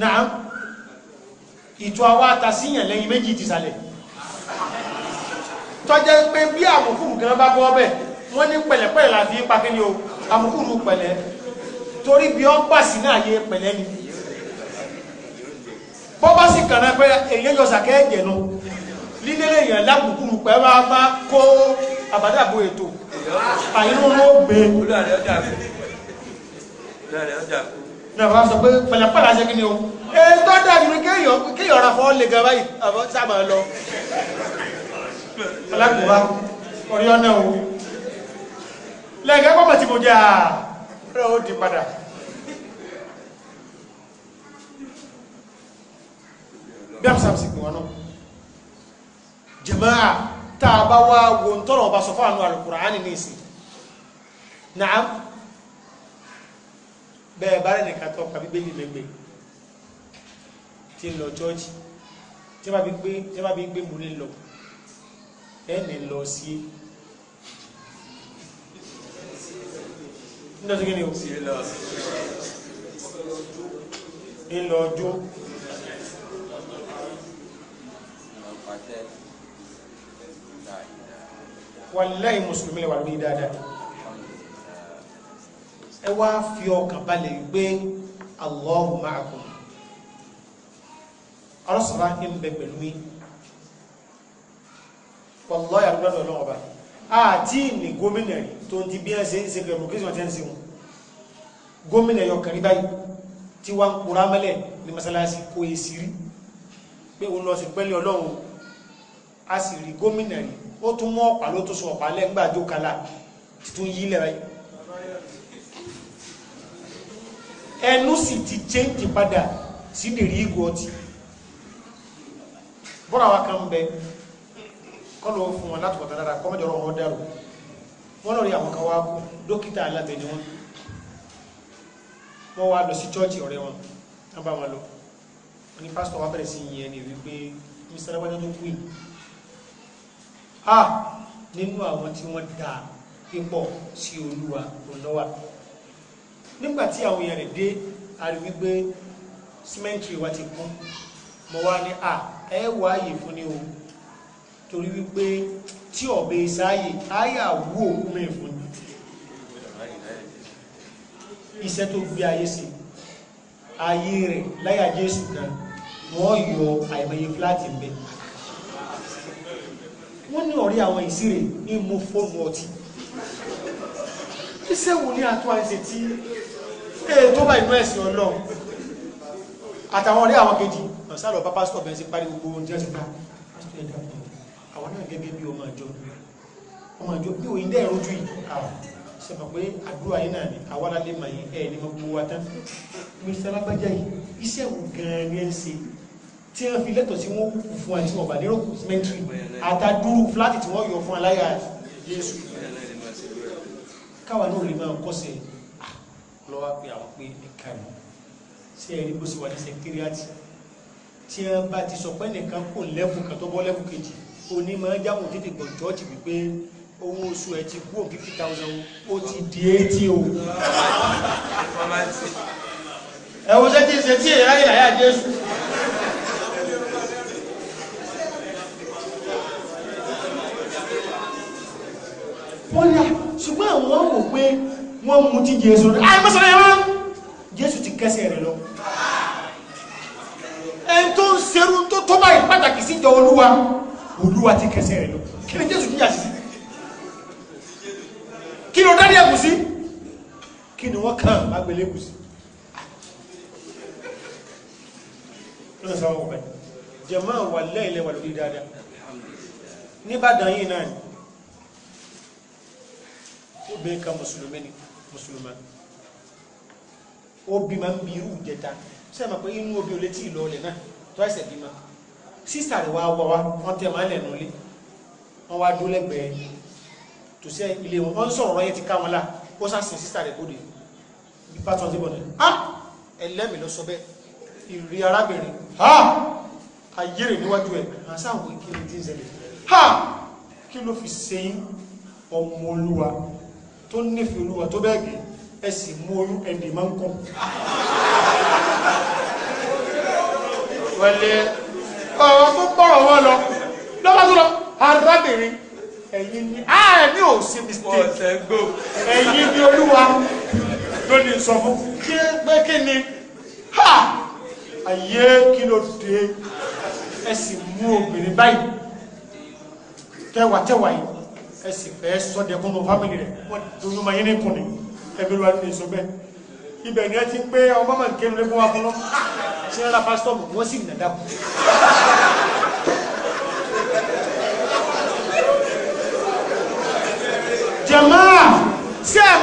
naam ìtọ́ àwa àtàsíyàn lẹ́yìn méjì ti sàlẹ̀ tọ́jẹ́ pé bí àmùkúrù gan bá bọ́ bẹ̀ wọ́n ní pẹ̀lẹ́pẹ̀lẹ́ láti ipa kí ni o àmùkúrù pẹ̀lẹ́ torí bí ó gbà sí náà yé pẹ̀lẹ́ ni bọ́bá sì kàn náà pé èyí yọ sàkẹ́ ẹ̀jẹ̀ lọ lílé èèyàn lábùkúrù pẹ́ bá bá kó àbádàbò ètò àyínú ló gbé nàbà sọ pé pẹ̀lẹ́pẹ̀lẹ́ ṣe kí ni o èyí tó dájú ni kéèyàn ra fọ́ lè gan báyìí àbọ̀ sábà lọ alákùnbá orí ọ̀nà o lẹ́gẹ́ pọ́pọ̀ tí mo jẹ́ àà ó di padà bí a sàmsì pè wọn náà jẹ̀máà tá a bá wá wo ń tọ́rọ̀ ọba sọ fún àwọn Al-Qur'ani ní ìsìn náà bẹ́ẹ̀ bá rẹ̀ nìkan tọ́ kàbí bẹ́ẹ̀ lẹ́gbẹ̀ẹ́ tí ń lọ chọ́ọ̀chì tí wọ́n bí gbé múlé lọ ẹni lọ sí nítorí kí ni o ìlọ ọjọ́ wàláì mùsùlùmí wà lórí dáadáa ẹ wá fi ọkàn balẹ̀ gbé Allahu ma'akum ọlọ́sọ̀rọ̀ ń bẹ pẹ̀lú yìí wọ́lọ́ àpẹẹrẹ ọlọ́wọ́ bá àti ní gómìnà tó ti bí ẹ́ ṣe ń ṣe kẹrù kí wọ́n ti ń se wọn gómìnà yọ kẹrì báyìí tí wọ́n ń kura mẹ́lẹ̀ ní mọ́sálásí kó e sí rí pé òun lọ sí pẹ́lẹ́ ọlọ́run a sì rí gómìnà rí ó tún mọ́ ọ̀pá ló tún sọ ọ̀pá lẹ́gbàájó kala títún yí lẹ̀ báyìí ẹnu sì ti change padà sí dèrí ìgò ọtí bọ́ra wa kan bẹ́ẹ̀ kọ́lọ̀ fún wọn láti wọ̀tà dára kọ́mọ̀jọ́rọ̀ wọn dẹ̀rù wọ́n lọ rí àwọn kan wá kú dókítà alábẹ̀ ni wọ́n wọ́n wá lọ sí chọ́ọ̀chì ọ̀rẹ́ wọn wọ́n bá wọn lọ wọ́n ní pásítọ̀ wá bẹ̀rẹ̀ sí yìnyẹn ni wípé mr alábẹ́jọ́ tó kú yìí a nínú àwọn tí wọ́n dà pípọ̀ sí olúwa olówà nígbà tí àwọn èèyàn rẹ̀ dé a wípé símẹ́ǹtì wa ti kún mo wá ní a ah! ẹ wọ ààyè fún ní ohun torí wípé tí ọ̀bẹ ìsáyè áyà wú òkú mẹ́ fún iṣẹ́ tó gbé ayé sí ayé rẹ̀ láyà Jésù kan wọ́n yọ àìmọye fúláàtì ń bẹ wọ́n ní ọ̀rí àwọn ìsírè ní mo fọ́nù ọtí iṣẹ́ wo ní àtúwà ìṣẹ́ tí èè tó bá inú ẹ̀sìn Ọlọ́run àtàwọn ọ̀rẹ́ àwọn kejì ọ̀sán lọ bá pásítọ̀ bẹ̀rẹ̀ sí parí gbogbo oúnjẹ sí ká pásítọ̀ ẹ̀dá àwọn náà gẹ́gẹ́ bí ọmọ àjọ ọmọ àjọ bí òyìn dẹ́ẹ̀rọ ojú yìí sọ̀rọ̀ pé àdúrà yìí náà ni àwárá lè mà yìí ẹ̀ ní gbogbo wa tán mínísítà alágbájá yìí iṣẹ́ wo gan ni ẹ ń ṣe tí wọ́n fi lẹ́tọ̀ sí wọn kù fún àti wọn bàdérò kù sìmẹ́ntì àtàdúró fúláàtì tí wọ́n yọ fún aláya Jésù káwa náà lè máa kọ́sẹ̀ lọ́wọ́ pé àwọn pé ẹ̀ka mi sí ẹ̀rí bó ṣe wà ní sẹkítírìàtì tí wọ́n bá ti sọ pé nìkan kò lẹ́bù kan tó kejì onímọ̀ jáwọ̀ títí gbọ̀n chọ́ọ̀chì wípé owó oṣù ẹ̀ ti kú ò fifty o ó ti di eighty o. ẹ wo ṣe tí ṣe tí èyí ráyè láyà jésù. bọ́lá ṣùgbọ́n àwọn wò pé wọ́n mú ti jésù rẹ̀ àyè mọ́sán ẹ̀rọ jésù ti kẹsẹ̀ rẹ̀ lọ ẹni tó ń serú tó tó báyìí pàtàkì síjọ olúwa olúwa ti kẹsẹ̀ rẹ̀ lọ kí ni jésù jíjà sí kí ni ó dání ẹ̀gúsí kí ni wọ́n kàn agbèlè ẹ̀gúsí. lọ́nà sáwọn ọmọ bẹ́ẹ̀ jẹ̀mọ́ wà lẹ́ẹ̀lẹ́ wà lórí dáadáa níbàdàn yìí náà ni obìnrin kan mùsùlùmí ni mùsùlùmá obì máa ń bi irú ìjẹta sẹ́yìn máa pé inú obì ò létí ìlọ́ọ̀lẹ̀ náà tó ẹsẹ̀ bí sísà rẹ̀ wá wá wọ́n tẹ́ máa lẹ̀nu lé wọ́n wá dó lẹ́gbẹ̀ẹ́ tó sí ilé wọn wọ́n sọ̀rọ̀ ọ̀rọ̀ yẹn ti ká wọn lá ó sàsìn sísà rẹ̀ bóde bí bá tọ́jú bọ̀ ní ah ẹlẹ́mì lọ sọ bẹ́ẹ̀ ìrírí arábìnrin ha ayé rẹ̀ níwájú ẹ̀ àsáwọn ìkíni tí ń ṣẹlẹ̀ ha kí ló fi sẹ́yìn ọmọ olúwa tó nífẹ̀ẹ́ olúwa tó bẹ́ẹ̀ gẹ̀ẹ́ ẹ sì mú oyún ẹ̀dẹ̀ máa ń kọ́ wẹ́lẹ́ ọ̀rọ̀ tó gbọ́rọ̀ wọn lọ lọ́wọ́ tó lọ arábìnrin ẹ̀yin ni ààrẹ ní ò sí mistake ẹ̀yin ni olúwa ló ní sọ fún kí pé kí ni ha ayé kí ló dé ẹ sì mú obìnrin báyìí tẹwàtẹwà yìí ẹ sì fẹ́ sọ́dẹ̀kùn ní fámìlì rẹ̀ wọ́n dúró máa yín ní kùnì ẹbí ló wà ní ìsọ bẹ́ẹ̀ ibẹ̀ ni ẹ ti pé ọmọ mọ̀ nkéwìn lé fún lọ ṣé ẹ ra pásítọ̀ mọ̀ wọ́n sì nà dákú.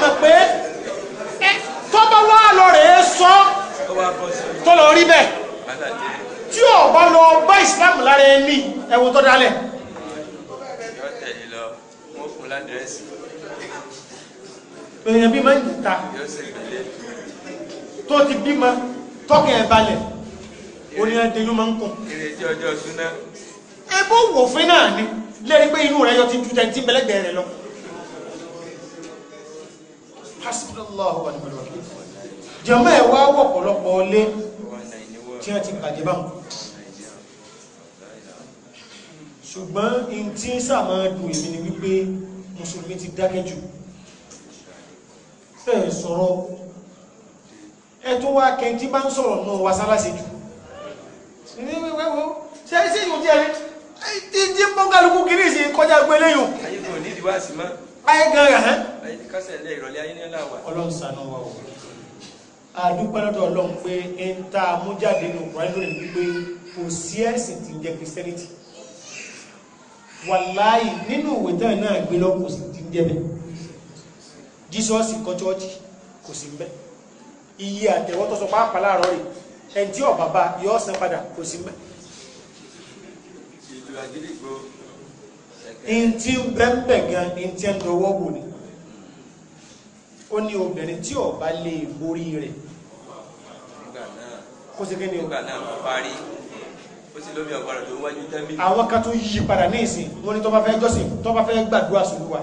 mọ̀ pé tọ́bọ̀ wá lọ rèé sọ tó lọ rí bẹ́ẹ̀ tí ò bá lọ bá ìsìláàmù lára ẹni ẹ̀wọ̀n tó dálẹ̀. èèyàn bí máa ń ta tó ti bímọ tọ́kẹ̀ ẹ̀ balẹ̀ oníyandejú máa ń kùn. ìrètí ọjọ́ súná. ebó wò fún náà ni lẹ́rìí pé inú rẹ̀ yọ ti ju tẹ̀ntì mẹ́lẹ́gbẹ̀ẹ́ rẹ̀ lọ hasbunallahu wa ni'mal wakeel jàmá ẹ̀ wá wọ̀ pọ̀lọpọ̀ lé tí a ti bàjẹ́ bá ṣùgbọ́n in tí ń sàmà dùn èmi ni wípé mùsùlùmí ti dákẹ́ jù ẹ̀ sọ̀rọ̀ ẹ tó wá kẹ́ tí bá ń sọ̀rọ̀ náà wá sálásẹ̀ jù ṣe é sí ìhùn díẹ̀ ní ti dín pọ́nkálukú kiri ìsìn kọjá gbé léyìn páyé gan rẹ̀ hàn. kásẹ̀ lé ìrọ̀lẹ́ ayé nílá wa. ọlọ́run ṣàánú wa o àdúpẹ́ lọ́dọ̀ ọlọ́run pé ń ta amújáde nù kúrẹ́ lórí wípé kò sí ẹ̀sìn tí ń jẹ́ christianity wàláì nínú ìwé tán náà gbé lọ kò sí ti ń jẹ́ bẹ́ẹ̀ jesus kọ́ chọ́ọ̀chì kò sí mbẹ́ iye àtẹ̀wọ́ tó sọ pàápàá láàárọ̀ rẹ̀ ẹni tí ọ̀bàbà yọ ọ̀sán padà kò sí mbẹ́. ètò àgídìgbò ntí bẹ́ẹ̀bẹ́ gan ntí ẹ̀ lọ́wọ́ wò ni ó ní obìnrin tí ọba lè borí rẹ̀ kó sì kí ni ó àwọn kan tó yí padà ní ìsìn wọn ni tó bá fẹ́ jọ́sìn tó bá fẹ́ gbàdúrà sùlúwà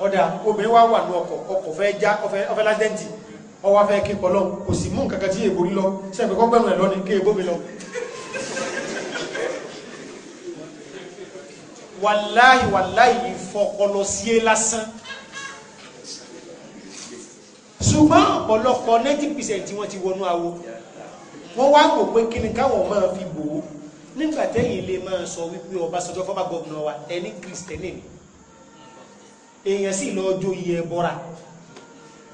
ọ̀dà obìnrin wá wà ní ọkọ̀ ọkọ̀ fẹ́ já ọfẹ́ lájẹ́ǹtì ọwá fẹ́ kí pọ̀lọ́ kò sì mú nǹkan kan tí èbò rí lọ sẹ́fẹ̀kọ́ gbẹ̀rún ẹ̀ lọ ni kí èbó mi lọ wàláhì wàláhì ìfọkọlọ sí é lásán ṣùgbọ́n ọ̀pọ̀lọpọ̀ ninety percent tí wọ́n ti wọnú awo wọ́n wá gbò pé kí ni káwọn máa fi bò ó nígbà tẹ́yìn lè máa sọ wípé Ọbásanjọ́ fọ́mà gọ́ọ̀nà wa ẹni kìrìsìtẹ́nì ni èèyàn sì lọ jó iye ẹbọra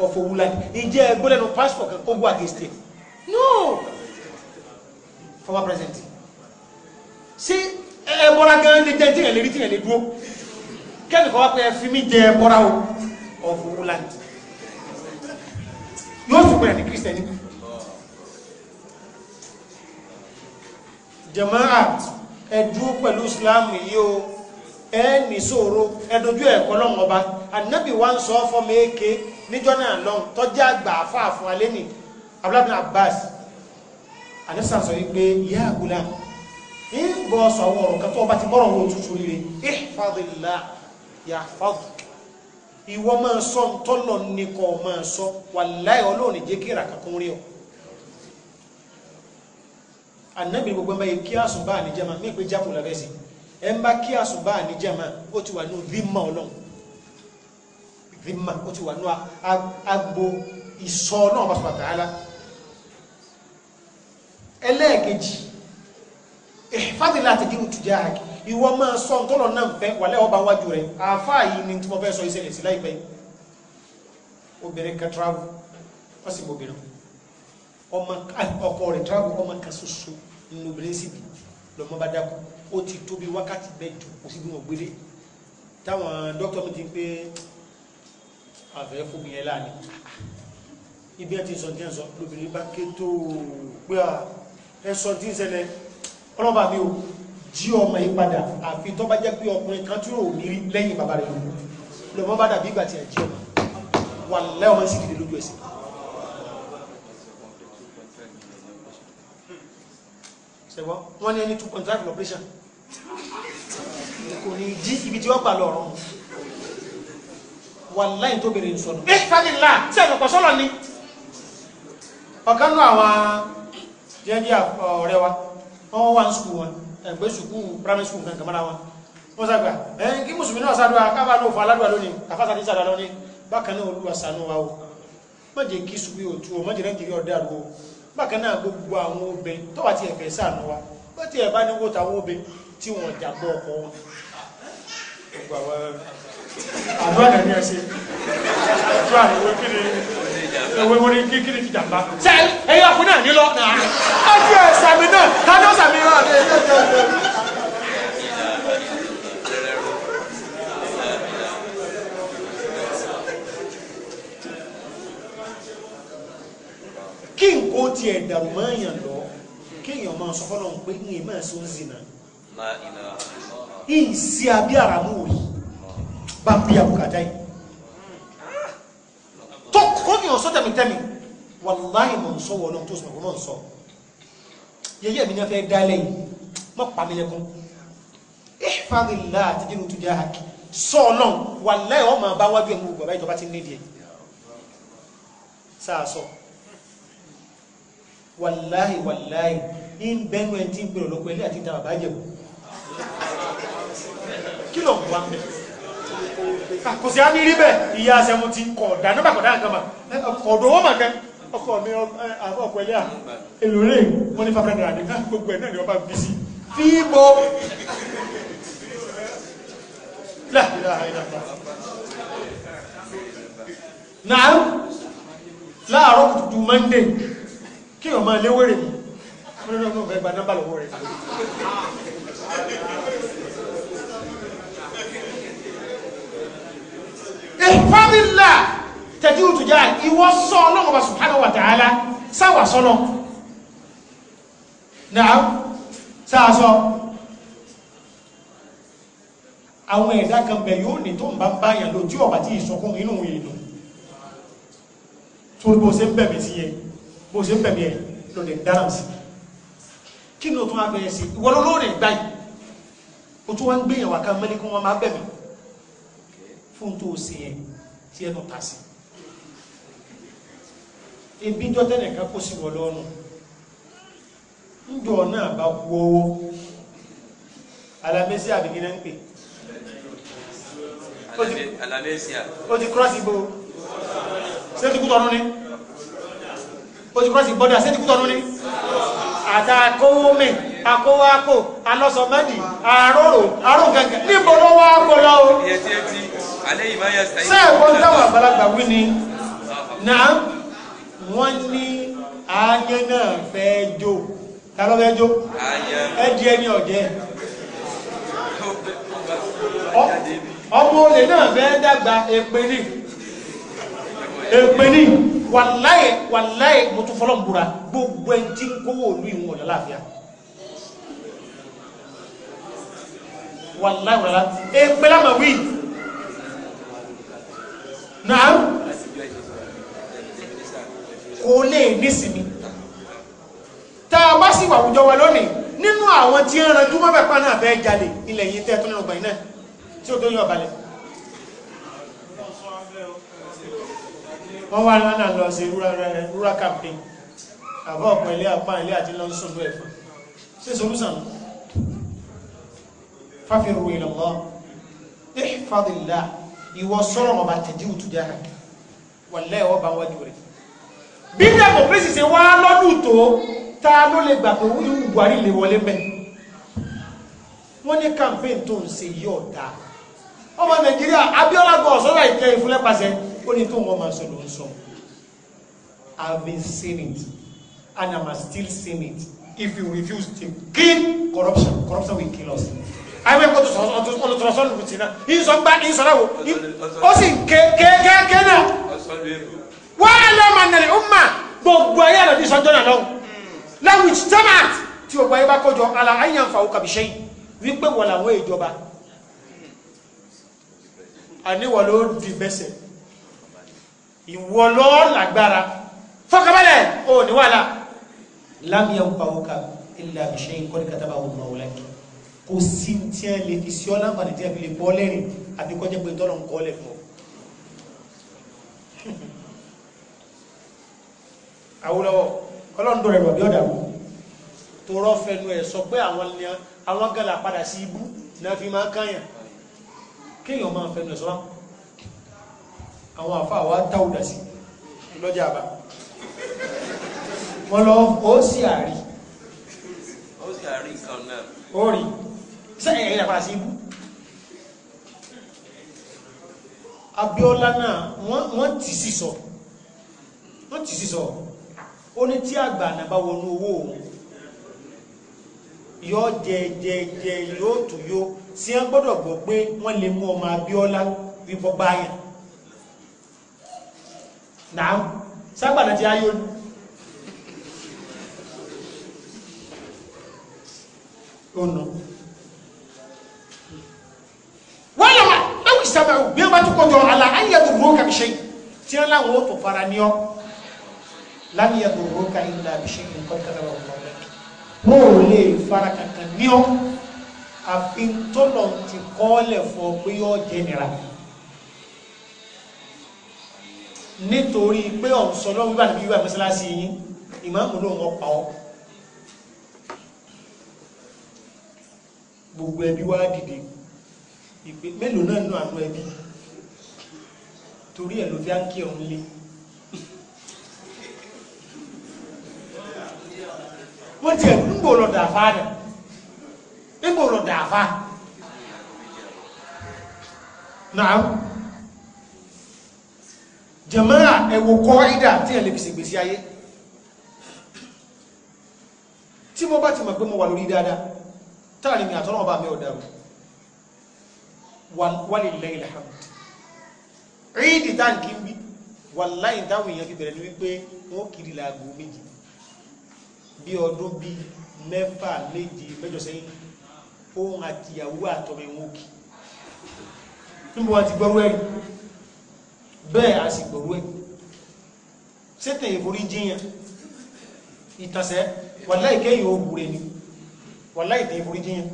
ọ̀fọ̀ wúlàdì ìjẹ́ ẹgbẹ́lẹ́nu pásítọ̀ kan kó gbọ́ àgẹ́sìtẹ́ no former president ṣé ẹ bọ́ra gan lè jẹ́ tíyàn lè rí tíyàn lè dúró kẹ́nìkan wá pé ẹ fi mí jẹ ẹ bọ́ra o ọ̀fọ̀ wúlá yóò tún pẹ̀lú kírísítẹ́nì jamaat ẹdúró pẹ̀lú islam yìí o ẹ ní sòro ẹdojú ẹ̀kọ́ lọ́wọ́ ọba anabi wa ń sọ fọ́ méèké níjọ́ náà lọ́hùn tọ́jú àgbà afáàfún alẹ́ ní abúlábìnrin abbas anisa sọ yìí pé yá àgùlá ìbọ̀ ọ̀sọ̀ àwọn ọ̀rọ̀ kan tó ọba ti bọ́rọ̀ wọn òtútù rire ìfàdìlá yàfàdù ìwọ máa sọ tọ́lọ̀ nìkan máa sọ wàláhì ọlọ́ọ̀nì jẹ́ kí ìrà kankan rí ọ ànábì gbogbo ẹgbẹ́ kí àsùnbà àníjẹ́mà ní ìpé jápò lábẹ́sì ẹ ń bá kí àsùnbà ó ti wà ní dhimma ọlọ́run dhimma ó ti wà ní agbo ìsọ náà bá sọ àtàlá ẹlẹ́ẹ̀kejì ìfàdí láti dínú tùjá àkì ìwọ máa sọ tọ́lọ̀ náà fẹ́ wàlẹ́ ọba wájú rẹ̀ àfáà yìí ni tí mo fẹ́ sọ ìṣẹ̀lẹ̀ sí láìpẹ́ obìnrin kan travel wọ́n sì mọ obìnrin rẹ̀ travel ọmọ kan ṣoṣo nínú obìnrin síbi lọ́mọ bá dákú ó ti tó bí wákàtí mẹ́jọ kò sí bí wọ́n táwọn dókítà mi ti pé àfẹ́ fún mi yẹn láàrin ibi ẹ̀ ti sọ ní ẹ̀ sọ lóbìnrin bá ké tó pé ẹ̀ sọ ní ìṣẹ̀lẹ̀ ọlọ́ba mi ò jí ọmọ yìí padà àfi tó bá jẹ́ pé ọkùnrin kan tí ò ní rí lẹ́yìn bàbá rẹ̀ lóko lọ́mọ bá dàbí ìgbà tí a jí ọmọ wà lẹ́wọ̀n máa ń sì dìde lójú ẹsẹ̀. ṣẹ̀wọ́ wọ́n ní ẹni two point five operation kò ní jí ibi tí wọ́n gbà lọ́rùn wà láyìn tó bèrè ìsọ̀nù. ẹ fani la ṣe é lọ́pọ̀ sọ́lọ ni ọ̀kan náà àwọn jẹ́ bí ọ̀rẹ́ wa wọ́n wá ń sùkú wọn ẹgbẹ́ sùkú primary school nǹkan kàmọ́ra wọn wọ́n sàgbà ẹ̀yìn kí mùsùlùmí náà sàdúrà kábà náà fún aládùà lónìí àfáàsà tí sàdúrà lónìí bákan náà olúwa ṣàánú wa o má jẹ́ kí sùkú yóò tú o má jẹ́ nàìjíríà ọ̀dà rú o bákan náà gbogbo àwọn obìnrin tó wà tí ẹ̀fẹ̀ ṣàánú wa bó ti ẹ̀bá ní wóta àwọn obìnrin tí wọ́n jà gbọ́ ọkọ wọn. àdúrà nàìjíríà ṣe àdúrà nàìjíríà ẹwẹ wọn ni kékeré ti jàmbá. sẹ ẹyọ fún náà nílọ. a fi ẹsẹ̀ mi náà ká ló sàmì náà. kí n kó tiẹ̀ dàrú máa ń yàn lọ kéèyàn máa sọ fọlọ́n pé ń yẹn máa sọ ń zina. ìsì àbí àràmù rí bá bí àbùkátà yìí tó kó ní ọ̀sọ́ tẹ̀mítẹ́mi wàláhì mọ̀ ń sọ wọ̀ lọ́n tó sọ̀rọ̀ mọ̀ ń sọ yẹyẹ mi ní fẹ́ dá lẹ́yìn mọ̀ pa mi lẹ́kún ihfadillah àti jẹ́nu tó jẹ́ àkì sọ ọlọ́n wàláhì ọmọ bá wájú ẹ̀mú bàbá ìjọba ti nídìí ẹ̀ sáà sọ wàláhì wàláhì ń bẹ́nu ẹ̀ tí ń gbèrò lóko ẹlẹ́ àti ìta bàbá jẹ̀wò kí ló ń wá kò sí á ní rí bẹ́ẹ̀ ìyá aṣẹ́wó ti ń kọ̀ ọ̀dà nígbà kọ̀dá àgbà ọ̀dọ̀ owó màkẹ́ ọkọ̀ mi ọkọ̀ ẹlẹ́à èlòrè wọ́n ní fàfẹ́ dàrà nìkan gbogbo ẹ̀ náà ni wọ́n bá fi sí tí mo láàárọ̀ láàárọ̀ kùtùkù mọ́ndé kí wọ́n máa léwèrè mi wọ́n ní ọgbẹ́ gba nọ́mbà lọ́wọ́ rẹ̀ ìfọ́nmílà tẹ̀tí òtùjá ìwọ sọ ọlọ́run wa subhanahu wa ta'ala sáwà sọ́nà náà sáàsọ́ àwọn ẹ̀dá kan bẹ̀ yóò ní tó ń bá ń báyàn ló tí ọ̀bá tí ìsọkún inú ìlú tó bó ṣe ń bẹ̀mí sí ẹ bó ṣe ń bẹ̀mí ẹ lè dára sí kí ni ó tún wá bẹ̀rẹ̀ sí ìwọ́n lóòrè ó tún wá ń gbéyàwó aká mẹ́lẹ́kún wọn máa bẹ̀mí fún tó ṣe yẹn tí ẹnu ta sí ebi jọ tẹ́lẹ̀ ká kó sí wọ lọ́rùn njọ náà bá kú owó alamẹ́sí àbíkínà ń pè ó ti kúrọ́sì bó ṣé ti kú tọ́nu ni ó ti kúrọ́sì bọ́dà ṣé ti kú tọ́nu ni àtàkọ́wọ́mẹ́ àkówákò alọ́sọmọ́dì àrórò àrógẹ̀gẹ̀ níbo ló wá kó lọ o. sẹ́ẹ̀ táwọn àgbàlagbà wí ni náà wọ́n ní ayé náà fẹ́ jó ta ló fẹ́ jó ẹ di ẹni ọ̀jẹ́ ọmọ olè náà fẹ́ dàgbà èpè ní èpè ní wàláyé wàláyé mo tún fọlọ́ ń bura gbogbo ẹni tí kówó olú ìwọ̀n ọ̀dọ́ láàfíà. wàláì wàlá èpè lámà wí náà kò lè nísìmí tá a bá sì wà àwùjọ wa lónìí nínú àwọn tí ń ranjú mọ́bẹ̀ pa náà fẹ́ jalè ilẹ̀ yìí tẹ́ tó nínú ọgbà yìí náà tí ó tó yọ balẹ̀ wọ́n wá lọ́nà lọ sí rural campaign àbọ̀ ọ̀pọ̀ ilé apá ilé àti lọ́nṣọ́nù ẹ̀fọ́ ṣé solúsàn lọ fáfirù ìlọ́lọ́ ìfàdìlá ìwọ sọ́rọ̀ ọba tẹ̀dí òtújára wà lẹ́ẹ̀wọ́ bá wájú rẹ̀ bí democracy ṣe wá lọ́dún tó ta ló lè gbà pé irú Buhari lè wọlé mẹ́ wọ́n ní campaign tó ń ṣe yí ọ̀dà ọmọ Nàìjíríà Abiola gbọ́ ọ̀sọ́dà ìjẹ́ ìfúnlẹ́pàṣẹ ó ní tó wọ́n máa sọ I've been saying it and I'm still saying it if you refuse to kill corruption corruption will kill us àwọn ẹ̀kọ́ tó sọ̀rọ̀ ọ̀tún tó sọ̀rọ̀ lùtì náà ìsọ̀ gbá ìsọ̀ náà wò ó sì ń ké ké ké ké náà wọ́n á lọ́ máa nàlẹ́ ọmọ gbogbo ayé àlọ́ ní sọ́jọ́ náà lọ́wọ́ language tamat tí o gbọ́ ayé bá kọjọ ala ayan fa okàbí ṣe wípé wọ́n làwọn ìjọba àníwọ̀ ló di mẹ́sẹ̀ ìwọ ló lágbára fọkàbalẹ̀ ò ní wàhálà lámìyàn pa okàbí ilẹ̀ àbíṣe kọ́ni kátàbà ọmọ wọlé kí kò sí tí ẹ lè fi sí ọ láǹfààní tí ẹ fi lè bọ́ lẹ́rìn àbí kọjá pé tọ́lọ̀ ń kọ́ lẹ̀ fún ọ. Awólọ́wọ̀ ọlọ́run tó rẹ̀rù ọ̀bí ọ̀dà wò tó rọ́ fẹnu ẹ̀ sọ pé àwọn ni àwọn gàlà padà sí ibú náà fi máa káyàn kéèyàn máa fẹnu ẹ̀ sọ wá àwọn àfáà wa táwùdà sí lọ́jà àbá wọ́n lọ ó sì àrí ó sì àrí kan náà ó rí sẹ́yìn ẹ̀yìn àpàdà sí ibú Abíọ́lá náà wọ́n ti sísọ wọ́n ti sísọ ó ní tí àgbà ànàbá wọnú owó yọ jẹjẹjẹ yóò tó yó sí wọ́n gbọ́dọ̀ gbọ́ pé wọ́n lè mú ọmọ Abíọ́lá wíbọ́ báyàn náà ságbàdà ti ayó ní ó wọ́yọ̀ wa ẹ̀wù ìsàmà ẹ̀wù bí wọ́n bá tún kọjọ àlà ayélujára kàbíṣe tí wọ́n láwọn ó tó fara ní ọ láyé ẹ̀dùnrún ká ilà àbíṣe nǹkan kẹta wà wọ́n lẹ́kì wọ́n ò lè fara kankan ní ọ àfi tọ́lọ̀ ti kọ́ọ́lẹ̀ fọ pé yọ jẹ́ nira nítorí pé ọ̀sọ̀ lọ́wọ́ wíwà níbi wíwà mọ́sálásí yín ìmáàmù ló ń wọ́n pa ọ́ gbogbo ẹbí e wá dìde ìgbé mélòó náà nù àánú ẹbí torí ẹ̀ ló fi á ń kí ọ̀hún lé wọ́n ti ẹ̀ ń gbò lọ dàfá rẹ̀ ń gbò lọ dàfá náà jàmáà ẹ̀wò kọ́ ìdá tí ẹ̀ lè fi ṣègbèsí ayé tí mo bá ti mọ̀ pé mo wà lórí dáadáa táà ní mi àtọ́nà ọba mi ọ̀dàrú walilayi alhamdu ríìdì tá n kí n bí wàláyé táwọn èèyàn ti bẹ̀rẹ̀ ní wípé wọ́n kiri laago méjì bí ọdún bíi mẹ́fà méje mẹ́jọ sẹ́yìn òun àtìyàwó àtọmọ ìwọ̀n òkè níbo wọn ti gbọ́rú ẹ̀rù bẹ́ẹ̀ a sì gbọ́rú ẹ̀rù sétẹ̀ ìforí jíyàn ìtànsẹ́ wàláyé kẹ́yìn ó wúre ni wàláyé tẹ̀ ìforí jíyàn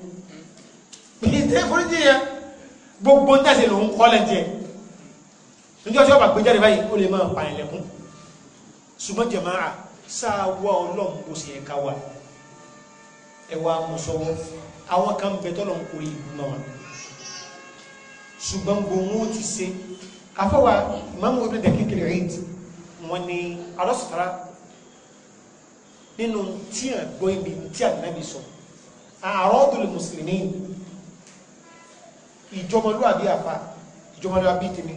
ìtẹ̀ ìforí jíyàn gbogbo ń tẹ̀sẹ̀ lòun kọ́ lẹ́ jẹ níjọ́ tí ó bá gbé jáde báyìí ó lè máa pa ẹ̀lẹ́kún ṣùgbọ́n jẹ̀máà sáà wá ọlọ́run kò sì ẹ̀ka wa ẹ̀wà mọ̀sọ́wọ́ àwọn kan bẹ tọ́lọ̀ ń kórè ìlú náà ṣùgbọ́n gbogbo wọn ti ṣe afọwà ìmáàmù ibùdó dẹ̀kíkìlì rìd wọn ni alọ́sọ̀tara nínú tí àgbọ́ ibi tí ànábì sọ àárọ̀ tó lè mùsùlùmí ìjọmọlúwàbí àfà ìjọmọlúwàbí tèmi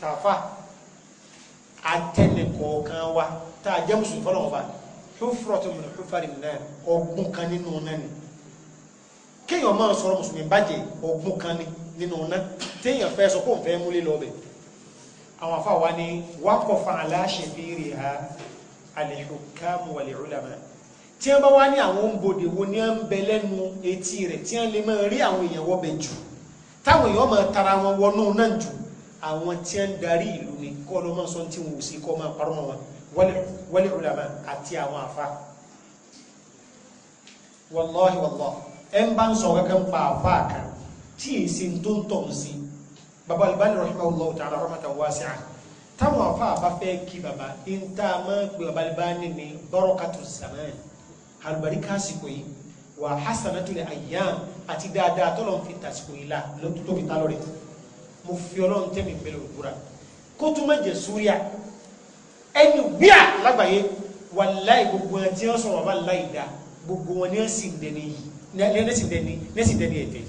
tàfà àtẹnìkọ̀ọ̀kan wa tá a jẹ́ mùsùlùmí fọ́lọ̀ ọba hufratu min hufari náà ọgbọ́n kan nínú náà ni kéèyàn máa sọ̀rọ̀ mùsùlùmí bàjẹ́ ọgbọ́n kan nínú náà téèyàn fẹ́ sọ pé òun fẹ́ múlé lọ bẹ̀ àwọn afá wa ni wákọ̀fà aláṣẹ bèèrè ha alẹ́hùkámù wàlẹ́hùlámà tí wọ́n bá wá ní àwọn òǹbodè wo ni wọ́n ń bẹ lẹ́nu etí rẹ̀ tí lè máa rí àwọn èèyàn wọ́bẹ̀ jù táwọn èèyàn máa tara wọn wọnú náà jù àwọn tí ń darí ìlú ni kọ́ ló máa sọ tí wọn ò sí kọ́ máa parọ́ mọ́ wọn wal ulama àti àwọn àfa wallahi wallahi ẹ ń bá ń sọ kankan pa àfa kan tí èsì tó ń tọ̀ sí baba Albani rahimahullah ta'ala rahmatan wasi'a táwọn àfa àbá fẹ́ kí baba ń tá a máa ń pè baba Albani ní barakatu zaman àlùbáríkà àsìkò yìí wà hasanatul ayyam àti dáadáa tọ́lọ́n fi tàsìkò ìlà lọ́tún tó fi tá lọ́rẹ̀ mo fi ọlọ́run tẹ́mi bẹ́ẹ̀ lòdùbúra kó tún má jẹ́ súríà ẹni wíà lágbàáyé wàláì gbogbo ẹ̀ tí wọ́n sọ̀rọ̀ wà láì dá gbogbo wọn ni wọ́n sì ń dẹni yìí nẹ́sì dẹni nẹ́sì dẹni ẹ̀tẹ́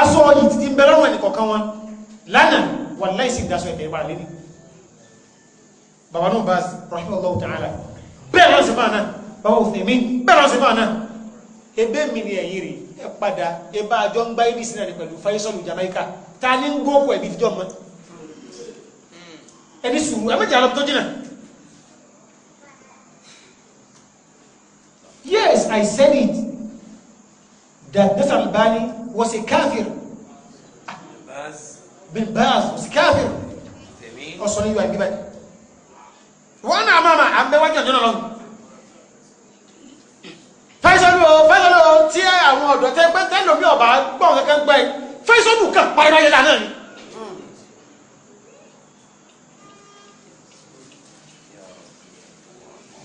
aṣọ yìí títí ń bẹ lọ́rùn ẹnì kọ̀ọ̀kan wọn lánàá wàláì sì daṣọ ẹ̀tẹ́ wà lẹ́ni bàbá náà bá rahimahullahu ta'ala bẹ́ẹ̀ lọ́sẹ̀ bá náà bàbá òfin mi bẹ́ẹ̀ lọ́sẹ̀ bá náà ebe mi ni ẹ̀yin rí ẹ padà ebe àjọ ń gbá ibi sinani pẹ̀lú faisal jamaica ta ni ń gbókò ẹ̀bí fíjọ́ mọ́ ẹni sùúrù ẹmẹ́jà lọ tó jìnà yes i said it that this albani was a kafir bin baz was a kafir ọ̀sán yóò àgbébáyé wọ́n náà máa máa àmẹ́wájú ọ̀jọ́ náà lọ́nà ọ̀dọ́ tẹ́ pé tẹ́lómi ọ̀bà gbọ́n kankan gbẹ́ fẹ́sọ̀bù kan pariwo ayẹyẹ náà ni.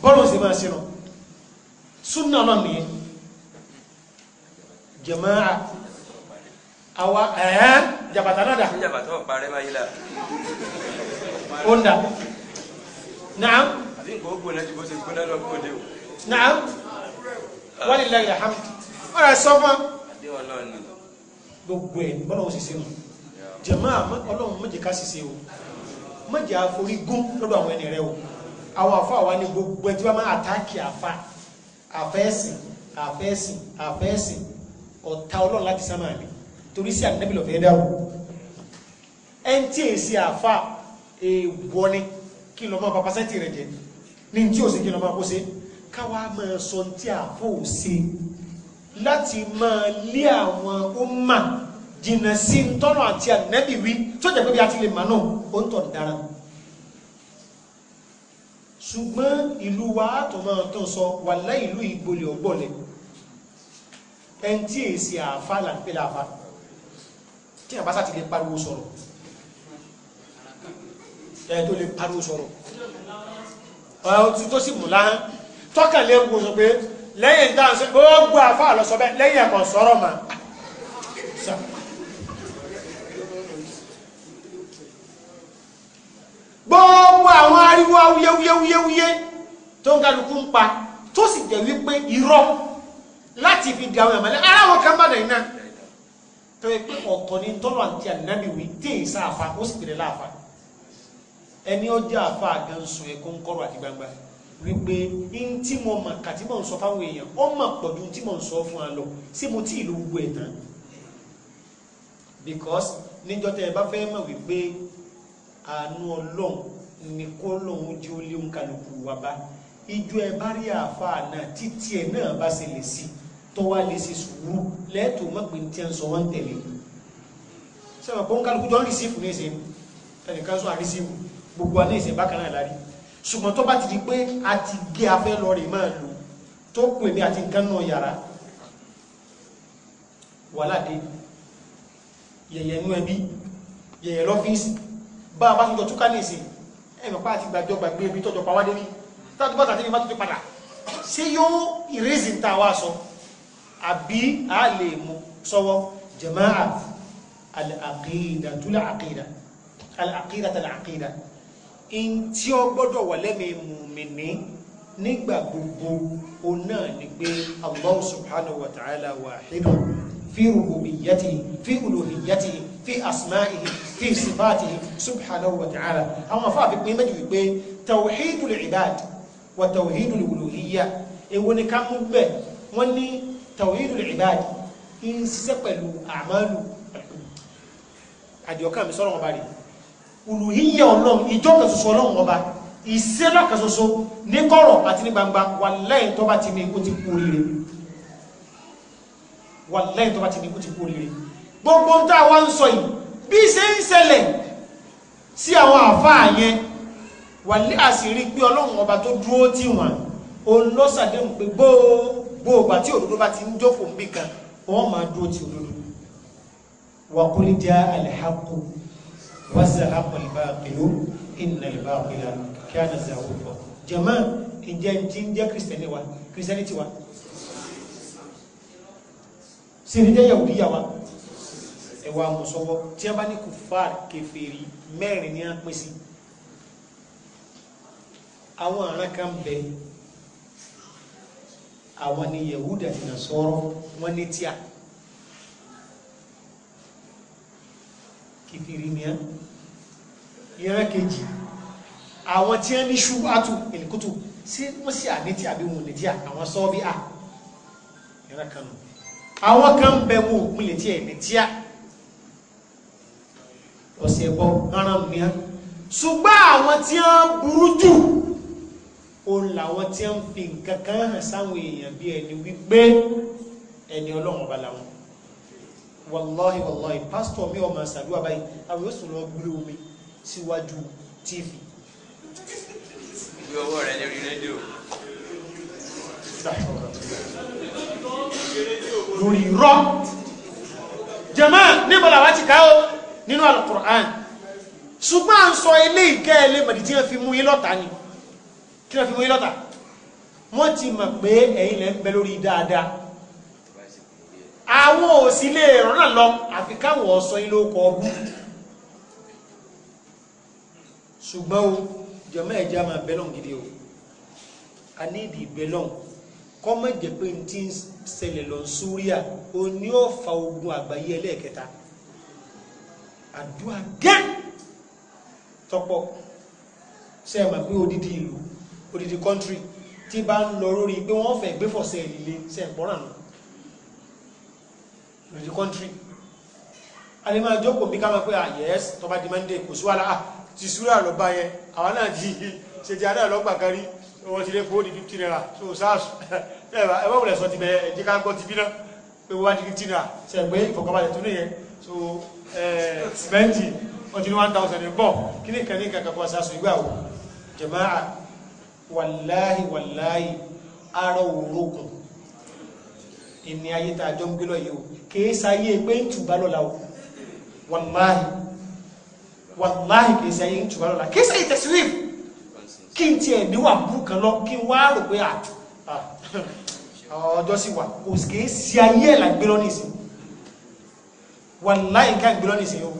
bọ́lọ̀ sì máa sínú súnà náà nìyẹn jẹ̀máà àwa ẹ̀ẹ́ jàbàtà náà dà. ó ń dà. naam. àbí nǹkan ó gbóná ju bó ṣe gbóná lọ kó o dé o. naam. wàlíláyà ọ̀rẹ́ sọ fún gbogbo ẹ̀ bọ́lá ó sì ṣe mọ̀ jẹ̀mọ́ ọlọ́run mọ̀jẹ̀ ká sì ṣe o mọ̀jẹ̀ àforí gún lọ́dọ̀ àwọn ẹni rẹ o àwọn àfa àwa ni gbogbo ẹtí wa máa àtáàkì àfa àfẹ́sìn àfẹ́sìn àfẹ́sìn ọ̀tá ọlọ́run láti sámà ni torí sí ànábì lọ́fẹ́ dá o ẹn tí èsì àfa èèwọ̀ ni kí n lọ́ máa bàbá sẹ́ńtì rẹ̀ jẹ́ ní tí ò sí kí n lọ́ máa kó ṣe káwa máa sọ ní tí àfọ̀ ò láti máa lé àwọn ọmọ jìnnà sí tọ́nà àti ànẹ́bì wí tó jẹ́ pé bí a ti lè mà náà ó ń tọ̀ dára ṣùgbọ́n ìlú wa tó máa tó sọ wà láì ìlú ìgbolè ọgbọ́lẹ̀ ẹni tí èsì àáfà là ń pè láàfà tí àbá sá ti lè pariwo sọ̀rọ̀ ẹni tó lè pariwo sọ̀rọ̀ ọ̀rọ̀ tó sì mú láhán tọ́kà lẹ́gbọ́n sọ pé lẹ́yìn tá à ń sọ gbogbo àfa àlọ́sọ bẹ́ẹ̀ lẹ́yìn ẹ̀kọ́ sọ̀rọ̀ mà. gbogbo àwọn ariwo awuyewuyewuyewuye tó ń kálukú ń pa tó sì jẹ́ wípé irọ́ láti fi di àwọn ẹ̀mọ́lẹ́ aláwọ̀ kan bá dẹ̀ iná tó yẹ pé ọ̀tọ̀ ni tọ́lọ̀ àti ànábì wí tí èyí sá ó sì tẹ̀lé láàfa ẹni ọjà àfa àgànṣe ẹ̀kọ́ ń kọ́rọ̀ àti gbangba wípé in tí mo mọ̀ kàtí mò ń sọ fáwọn èèyàn ó mọ̀ pọ̀jù tí mò ń sọ fún wa lọ sí mo tí ìlú gbogbo ẹ̀ tán because níjọ́ tẹ́ ẹ bá fẹ́ mọ̀ wípé àánú ọlọ́run ni kó lòun jẹ́ ó léun kálukú wa bá ijó ẹ bá rí àáfàá náà títí ẹ náà bá ṣe lè sí tó wá lè ṣe sùúrù lẹ́ẹ̀tọ́ mọ̀pẹ́ tí ẹ ń sọ wọ́n ń tẹ̀lé sẹ́wọ̀n pọ́nkálukú jọ ń rìsífù ní ìsìn ẹnìkan sọ àrísífù gbogbo àná ìsìn bákan náà lárí ṣùgbọ́n tó bá ti di pé a ti gé afẹ́ lọ rè máa lò tó kún èmi àti nǹkan náà yàrá wàláàdé yẹ̀yẹ̀ inú ẹbí yẹ̀yẹ̀ lọ́fíìsì bá a bá tọ́jọ túká ní ìsìn ẹ̀mọ̀ pa àti gbàjọ gbàgbé ibi tọ́jọ pa wádé ní tàbí bá tàbí in tí ó gbọ́dọ̀ wà lẹ́mìí mùmìnì nígbà gbogbo o náà ni pé Allah subhanahu wa ta'ala wahidu fi rububiyyati fi uluhiyyati fi asma'ihi fi sifatihi subhanahu wa ta'ala àwọn afáàfi pín méjì wípé tawhidul ibad wa tawhidul uluhiyya èwo ni ká mú bẹ́ẹ̀ wọ́n ní tawhidul ibad ń ṣiṣẹ́ pẹ̀lú àmàlù àdìọ́kà mi sọ́rọ̀ wọn bá rí olùhíyẹ ọlọ́run ìjọ kẹsọsọ ọlọ́run ọba ìṣẹ́lọ́ kẹsọsọ ní kọ̀rọ̀ àti ní gbangba wà lẹ́yìn tó bá ti ní ikú ti kú oríire wà lẹ́yìn tó bá ti ní ikú ti kú oríire gbogbo ń tà wá ń sọ yìí bí ṣe ń ṣẹlẹ̀ sí àwọn àfáà yẹn wà lé àṣírí pé ọlọ́run ọba tó dúró tì wọ́n òun pé gbogbo ìgbà òdodo bá ti ń jókòó níbì kan wọ́n máa dúró tì òdodo wà kó lè jẹ́ àlẹ́ وزهق الباطل إن الباطل كان زهوقا جماعة إن جنتين جا كريستياني وا كريستيانيتي وا سيرجا يهودية وا ẹwà mùsọwọ tí a bá ní kò fà kèfèrí mẹ́rin ní àpín sí àwọn aràn kan bẹ àwọn ni Yahuda àti Nasara wọn ní tíà kìfìrí ni ẹ́ ìran kejì àwọn tí wọ́n ní ṣúwátù ìlúkútù sí wọ́n sí ànítí àbí wọn lè tí àwọn sọ́ọ́bí à ìran kan àwọn kan bẹ wọn òpin lè tí ẹ̀ lè ọ̀sẹ̀ bọ́ rárán mi á àwọn tí wọ́n burú jù òun làwọn tí wọ́n fi nǹkan kan hàn sáwọn èèyàn bí ẹni wípé ẹni ọlọ́run ọba làwọn wàláhì wàláhì pásítọ̀ mi ọmọ ṣàdúrà báyìí àwọn yóò sùn lọ gbúlé omi síwájú tv. ìwé ọwọ́ rẹ lórí rédíò. lórí rọ jẹmọ níbo làwọn ti ká o nínú alukur'an ṣùgbọ́n à ń sọ ilé ìkẹ́ ilé mọ̀dí tí wọ́n fi mú yín lọ́ta ni kí wọ́n fi mú yín lọ́ta wọ́n ti mọ̀ pé ẹ̀yin lẹ́ ń bẹ lórí dáadáa àwọn òsì lè rọ́nà lọ àfi káwọn ọ̀sọ́ ilé ọkọ̀ ọgbọ́n ṣùgbọ́n o jọmọ́ ẹ̀já máa bẹ́lọ̀n gidi o a ní ìdí bẹ́lọ̀n kọ́mọ̀ jẹ́ pé n ti ń ṣẹlẹ̀ lọ súríà o ní ó fa ogun àgbáyé ẹlẹ́ẹ̀kẹta àdúrà gẹ́ tọ́pọ̀ ṣe é mà pé odidi ìlú odidi kọ́ńtírì tí bá ń lọ lórí pé wọ́n fẹ́ gbé fọ̀ṣẹ́ ìlú ṣe é pọ́nrán with the country a lè máa jókòó bí ká máa ah yes tó bá di monday kò sí wàhálà ah ti súrà lọ bá yẹn àwọn náà ti ṣe ti adá lọ́gbà kan rí wọ́n ti lé kó di fifty naira so sars ẹ wọ́n wùlẹ̀ sọ ti bẹ ẹ jẹ́ ká gbọ́ ti bí náà pé wọ́n bá di fifty naira ṣe pé ìfọ̀kànbalẹ̀ tó nìyẹn so sìmẹ́ǹtì o ti ní one thousand and four ni kàn ní kankan kó aṣáṣu wo jẹ̀máà wàláhì wàláhì ara òrókùn ìní ayé tá a jọ ń gbé lọ yìí o kìí sáyé pé ń tùbá lọ́la o wàláhì wàláhì kìí sáyé ń tùbá lọ́la kìí sáyé tẹ̀síwì kí n tiẹ̀ níwà burú kan lọ kí n wá rò pé ah, ah, ọjọ́ sì wà kò kìí sí ayé ẹ̀ gbé lọ nìsín wàláhì ká gbé lọ nìsín o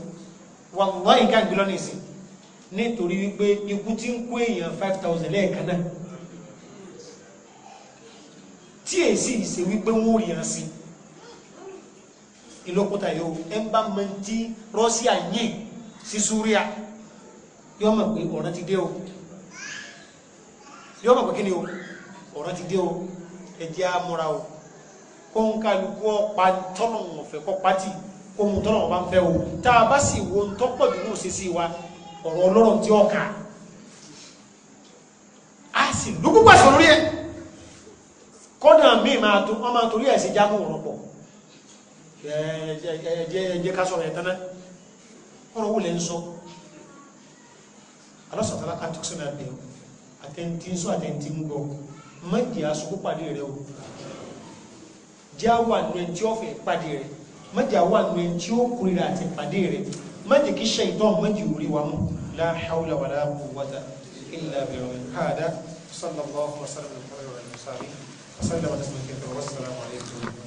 wàláhì ká gbé lọ nìsín nítorí wípé ikú tí ń kó èèyàn five thousand lẹ́ẹ̀kan náà tí èsì ìṣe wípé wọn ò ríran sí ìlọkúta yóò ẹ ń bá mọ tí Rọ́ṣíà yìn sí Súríà yóò mọ̀ pé ọ̀ràn ti dé o yóò mọ̀ pé kí ni o ọ̀ràn ti dé o ẹ jẹ́ àmúra o kó ń kálukú ọ̀pá tọ́nà ọ̀fẹ́ kọ́ pátì kó mu tọ́nà ọ̀bá ń fẹ́ o tá a bá sì wo ń tọ́pọ̀ jù náà ṣe sí wa ọ̀rọ̀ ọlọ́run tí ọ̀ka a sì lókùpàṣọ lórí ẹ̀ kọ́nà míì máa tó ọmọ torí ẹ̀sìn jámù ọ̀rọ̀ pọ̀ ẹ̀jẹ̀ ká sọ̀rọ̀ ẹ̀tẹ́ná ọ̀rọ̀ wò lè ń sọ alọ́sọ̀tàlá àtúnṣe àdẹ̀ àtẹ̀ntì ń sọ àtẹ̀ntì ń gbọ́ mẹ́jì aṣọ́kú pàdé rẹ̀ o jẹ́ wà wa mú la hawla wala quwwata illa وسلم تسليما كثيرا والسلام عليكم